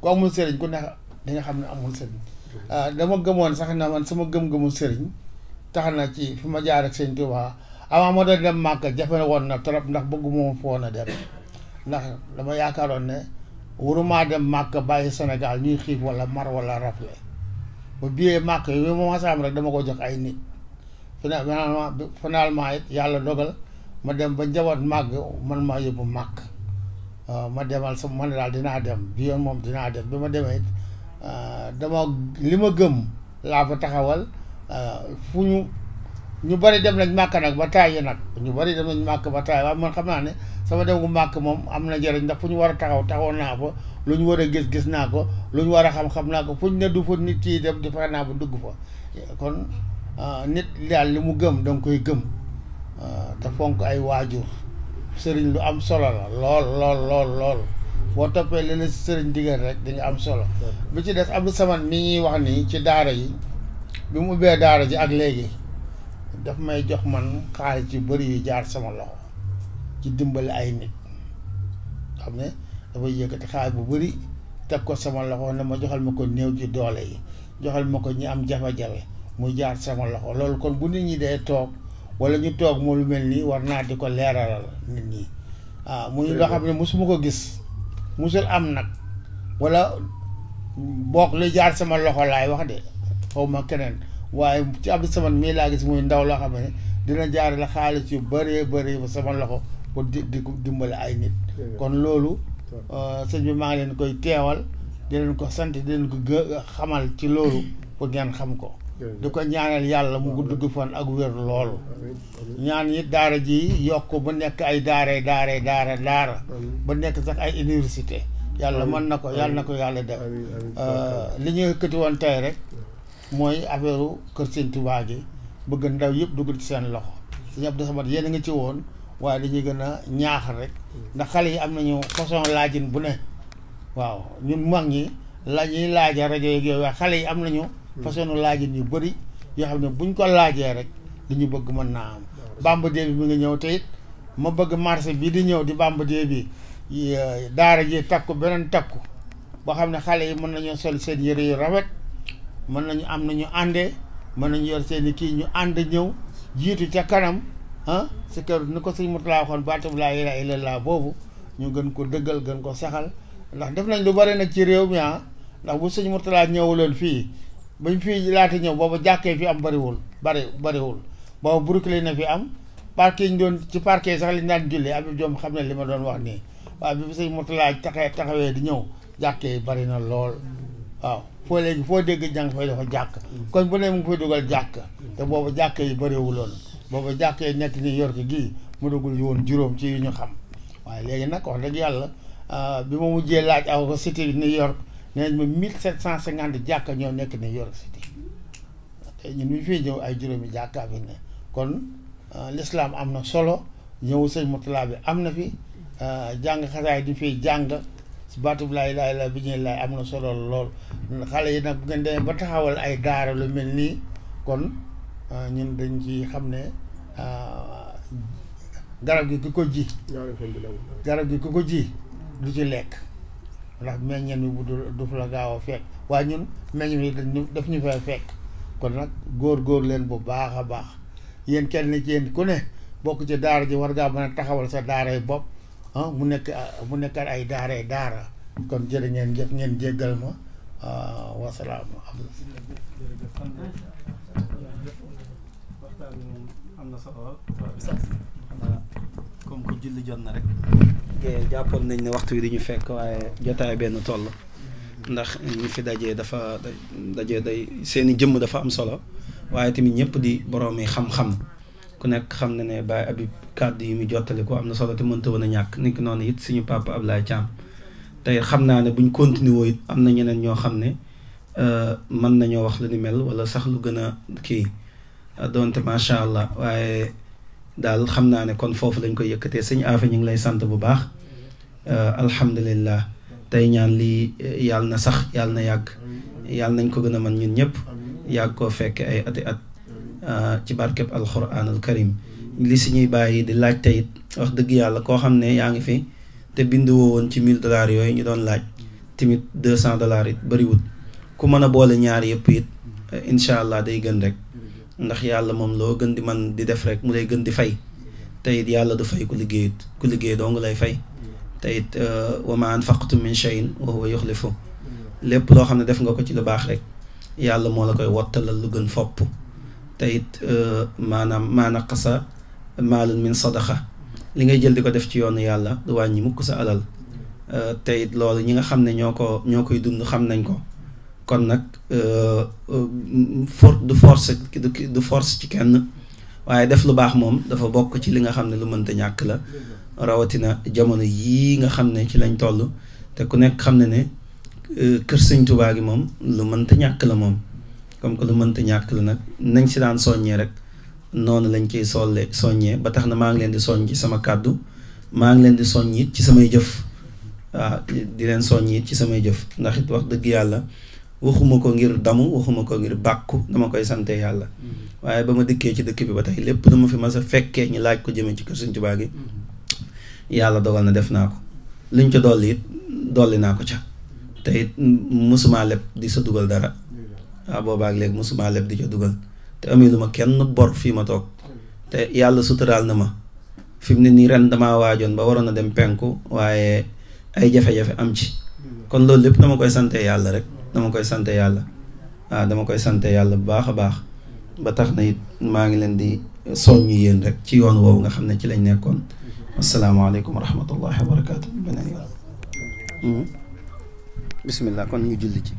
ku amul sëriñ ku ne da nga xam ne amul sëriñ euh, dama gëmoon sax na man sama gëm-gëmu sëriñ tax na ci fi ma jaar ak sëriñ Tuubaa avant moo doon dem màkk jafe woon na trop ndax bëgg woon foo na dem ndax dama yaakaaroon ne waruma dem màkk bàyyi Sénégal ñuy xiif wala mar wala rafle ba billet màkk yi bi ma masaam rek dama ko jox ay nit finalement finalement it yàlla dogal ma dem ba njaboot màgg man ma yóbbu màkk ma demal sa man daal dinaa dem bi yoon moom dinaa dem bi ma demee it ah, dama li ma gëm laa fa taxawal ah, fu ñu ñu bari dem nañ màkk nag ba taay nag ñu bari dem nañ màkk ba taay waaye man xam naa ne sama dem gu màkk moom am na njëriñ ndax fu ñu war a taxaw taxaw naa fa lu ñu war a gis gis naa ko lu ñu war a xam-xam naa ko fu ñu ne du fa nit yi dem di fexe naa ba dugg fa kon ah, nit daal li mu gëm danga koy gëm ah, te fonk ay waajur sëriñ lu am solo la lool lool lool lool boo toppee li la sëriñ digal rek di nga am solo bi ci des Abdou Samad mi ñuy wax nii ci daara yi bi mu ubbee daara ji ak léegi daf may jox man xaalis yu bëri yu jaar sama loxo ci dimbali ay nit xam ne dafay yëkkati xaay bu bari teg ko sama loxo ne ma joxal ma ko néew ji doole yi joxal ma ko ñi am jafe-jafe muy jaar sama loxo loolu kon bu nit ñi dee toog wala ñu toog moo lu mel nii war naa di ko leeral nit ñi ah muy loo xam ne mosuma ko gis mosul am nag walla boog lu jaar sama loxo laay wax de xaw ma keneen waaye ci Abdou sama mii laa gis muy ndaw loo xam ne dina jaar la xaalis yu bëree baree ba sama loxo pour di di dimbale ay nit kon loolu euh, sëñ bi maa ngi leen koy teewal di ko sant di leen ko xamal ci loolu pour ngeen xam ko di ko ñaanal yàlla mu gudd fan ak wér loolu ñaan yi daara ji yokk ba nekk ay daare daare daara daara ba nekk sax ay université yàlla mën na ko yàlla na ko yàlla def euh, li ñuy yëkkati woon tey rek mooy affaire kër sëñ Tuubaa gi bëgg ndaw yëpp dugg ci seen loxo ñëpp dafa mat yéen a ngi ci woon waaye dañuy gën a ñaax rek ndax xale yi am nañu façon laajin bu ne waaw ñun mag ñi la ñuy laaja rajo yooyu waaye xale yi am nañu façon laajin yu bëri yoo xam ne buñ ko laajee rek li ñu bëgg mën naa am bamba dee bi mi ngi ñëw tey ma bëgg marché bii di ñëw di bamba dee bi eh, daara ji takku beneen takku boo xam ne xale yi mën nañoo sol seen yëre yu rawet mën nañu am nañu àndee mën nañu yor seen kii ñu ànd ñëw jiitu ca kanam ah si kër ni ko sëñ Murtala waxoon baatab laa ilaaha illallaah boobu ñu gën ko dëggal gën ko saxal ndax def nañ lu bare nag ci réew mi ah ndax bu sëñ Murtala ñëwuloon fii bañ fii laata ñëw booba jàkkee fi am bariwul bari bariwul booba Brooklyn na fi am parquet yi ñu doon ci parquet sax lañ daan julli Habib Diome xam ne li ma doon wax nii waaw bi sëñ Murtala taxee taxawee di ñëw jàkkee yi bari na lool waaw foo léegi foo dégg jàng fay dafa jàkk mm. koñ bu ne mu ngi fay dugal jàkk te boobu jàkk yi bariwuloon booba jàkkee nekk ni yor ki gii mu dugul yi juróom ci yu ñu xam waaye léegi nag wax dëgg yàlla ah, bi ma mujjee laaj aw cité bi New York nee nañ ma mille sept cent cinquante jàkka ñoo nekk New York City te ñu ñu fi ñëw ay juróomi jàkka bi ne kon ah, lislaam am na solo ñëw sëñ Moutalla bi am na fi ah, jàng xasaay di fi jàng baatub laay laay la bi ñuy laay am na solo lool xale yi nag bu ngeen ba taxawal ay daara lu mel nii kon ñun dañ ci xam ne Euh, garab gi ku ko ji garab gi ku ko ji du ci lekk ndax meññeen bi bu du fa la gaaw a fekk waaye ñun meññ bi dañu daf ñu fay fekk kon nag góor góor leen bu baax a baax yéen kenn ci yéen ku ne bokk ci daara ji war gaa mën a taxawal sa daaray bopp ah mu nekk mu nekkal ay daaray daara kon jël ngeen jëf ngeen jéggal ma wasalaam am na solo comme que jot na rek jàppoon nañ ne waxtu wi di ñu fekk waaye jotaay benn toll ndax ñu fi dajee dafa dajee day seeni jëmm dafa am solo waaye tamit ñëpp di boroomi xam-xam ku nekk xam na ne Baye Habib kàddu yi mu jottali ko am na solo te mënta woon a ñàkk nekk noonu it suñu papa Ablaye Thiam tey xam naa ne buñ continué woo it am na ñeneen ñoo xam ne euh, mën nañoo wax lu ni mel wala sax lu gën a kii donte macha allah waaye daal xam naa ne kon foofu lañ koy yëkkatee sëñ Afe ñu ngi lay sant bu baax euh, alhamdulilah tey ñaan lii euh, yàlla na sax yàlla na yàgg yàlla nañ ko gën a man ñun ñëpp yàgg koo fekke ay ati at euh, ci barkeb alquran al karim li si ñuy bàyyi di laaj tey it wax dëgg yàlla koo xam ne yaa ngi fi te woo woon ci 1000 dollars yooyu ñu doon laaj tamit 200 dollars it bëriwul ku mën a boole ñaar yëpp it incha allah day gën rek. ndax yàlla moom loo gën di man di def rek mu lay gën di fay te yàlla du fay ku liggéeyut ku liggéey dong lay fay te it euh, wa ma anfaqtum min shay'in wa huwa lépp loo xam ne def nga ko ci lu baax rek yàlla moo la koy wottalal lu gën fopp te it euh, maanaam maa naqasa maalun min sadaqa li ngay jël di ko def ci yoonu yàlla du wàññi mukk sa alal euh, te it loolu ñi nga xam ne ñoo ko ñoo koy dund xam nañ ko kon nag euh, euh, for du force du force ci kenn waaye def lu baax moom dafa bokk ci li nga xam ne lu mënta ñàkk la rawatina jamono yii nga xam ne ci lañ toll te ku nekk xam ne ne euh, kër sëñ Tuubaa gi moom lu mënta ñàkk la moom comme que lu mënta ñàkk la nag nañ si daan soññee rek noonu lañ ciy solle soññee ba tax na maa ngi leen di soññ sama kàddu maa ngi leen di soññ it ci samay jëf waaw di leen soññ it ci samay jëf ndax wax dëgg yàlla waxuma ko ngir damu waxuma ko ngir bàkku dama koy sante yàlla mm-hmm. waaye ba ma dikkee ci dëkk bi ba tey lépp dama fi ma sa fekkee ñu laaj ko jëmee ci kër Sëñ Tuubaa gi mm-hmm. yàlla dogal na def naa ko liñ ca dolli it dolli naa ko ca mm-hmm. te it mosuma leb di sa dugal dara waaw boobaak léegi mosuma leb di ca dugal te amee lu ma kenn bor fii ma toog te yàlla suturaal na ma fi mu ne nii ren damaa waajoon ba waroon a dem penku waaye ay jafe-jafe am ci kon loolu lépp dama koy sante yàlla rek dama koy sante yàlla ah dama koy sante yàlla bu baax a baax ba tax na it maa ngi leen di soññu yéen rek ci yoon woowu nga xam ne ci lañ nekkoon asalaamaaleykum wa rahmatullahi wa barakatuh beneen yoon bismillah kon ñu julli ci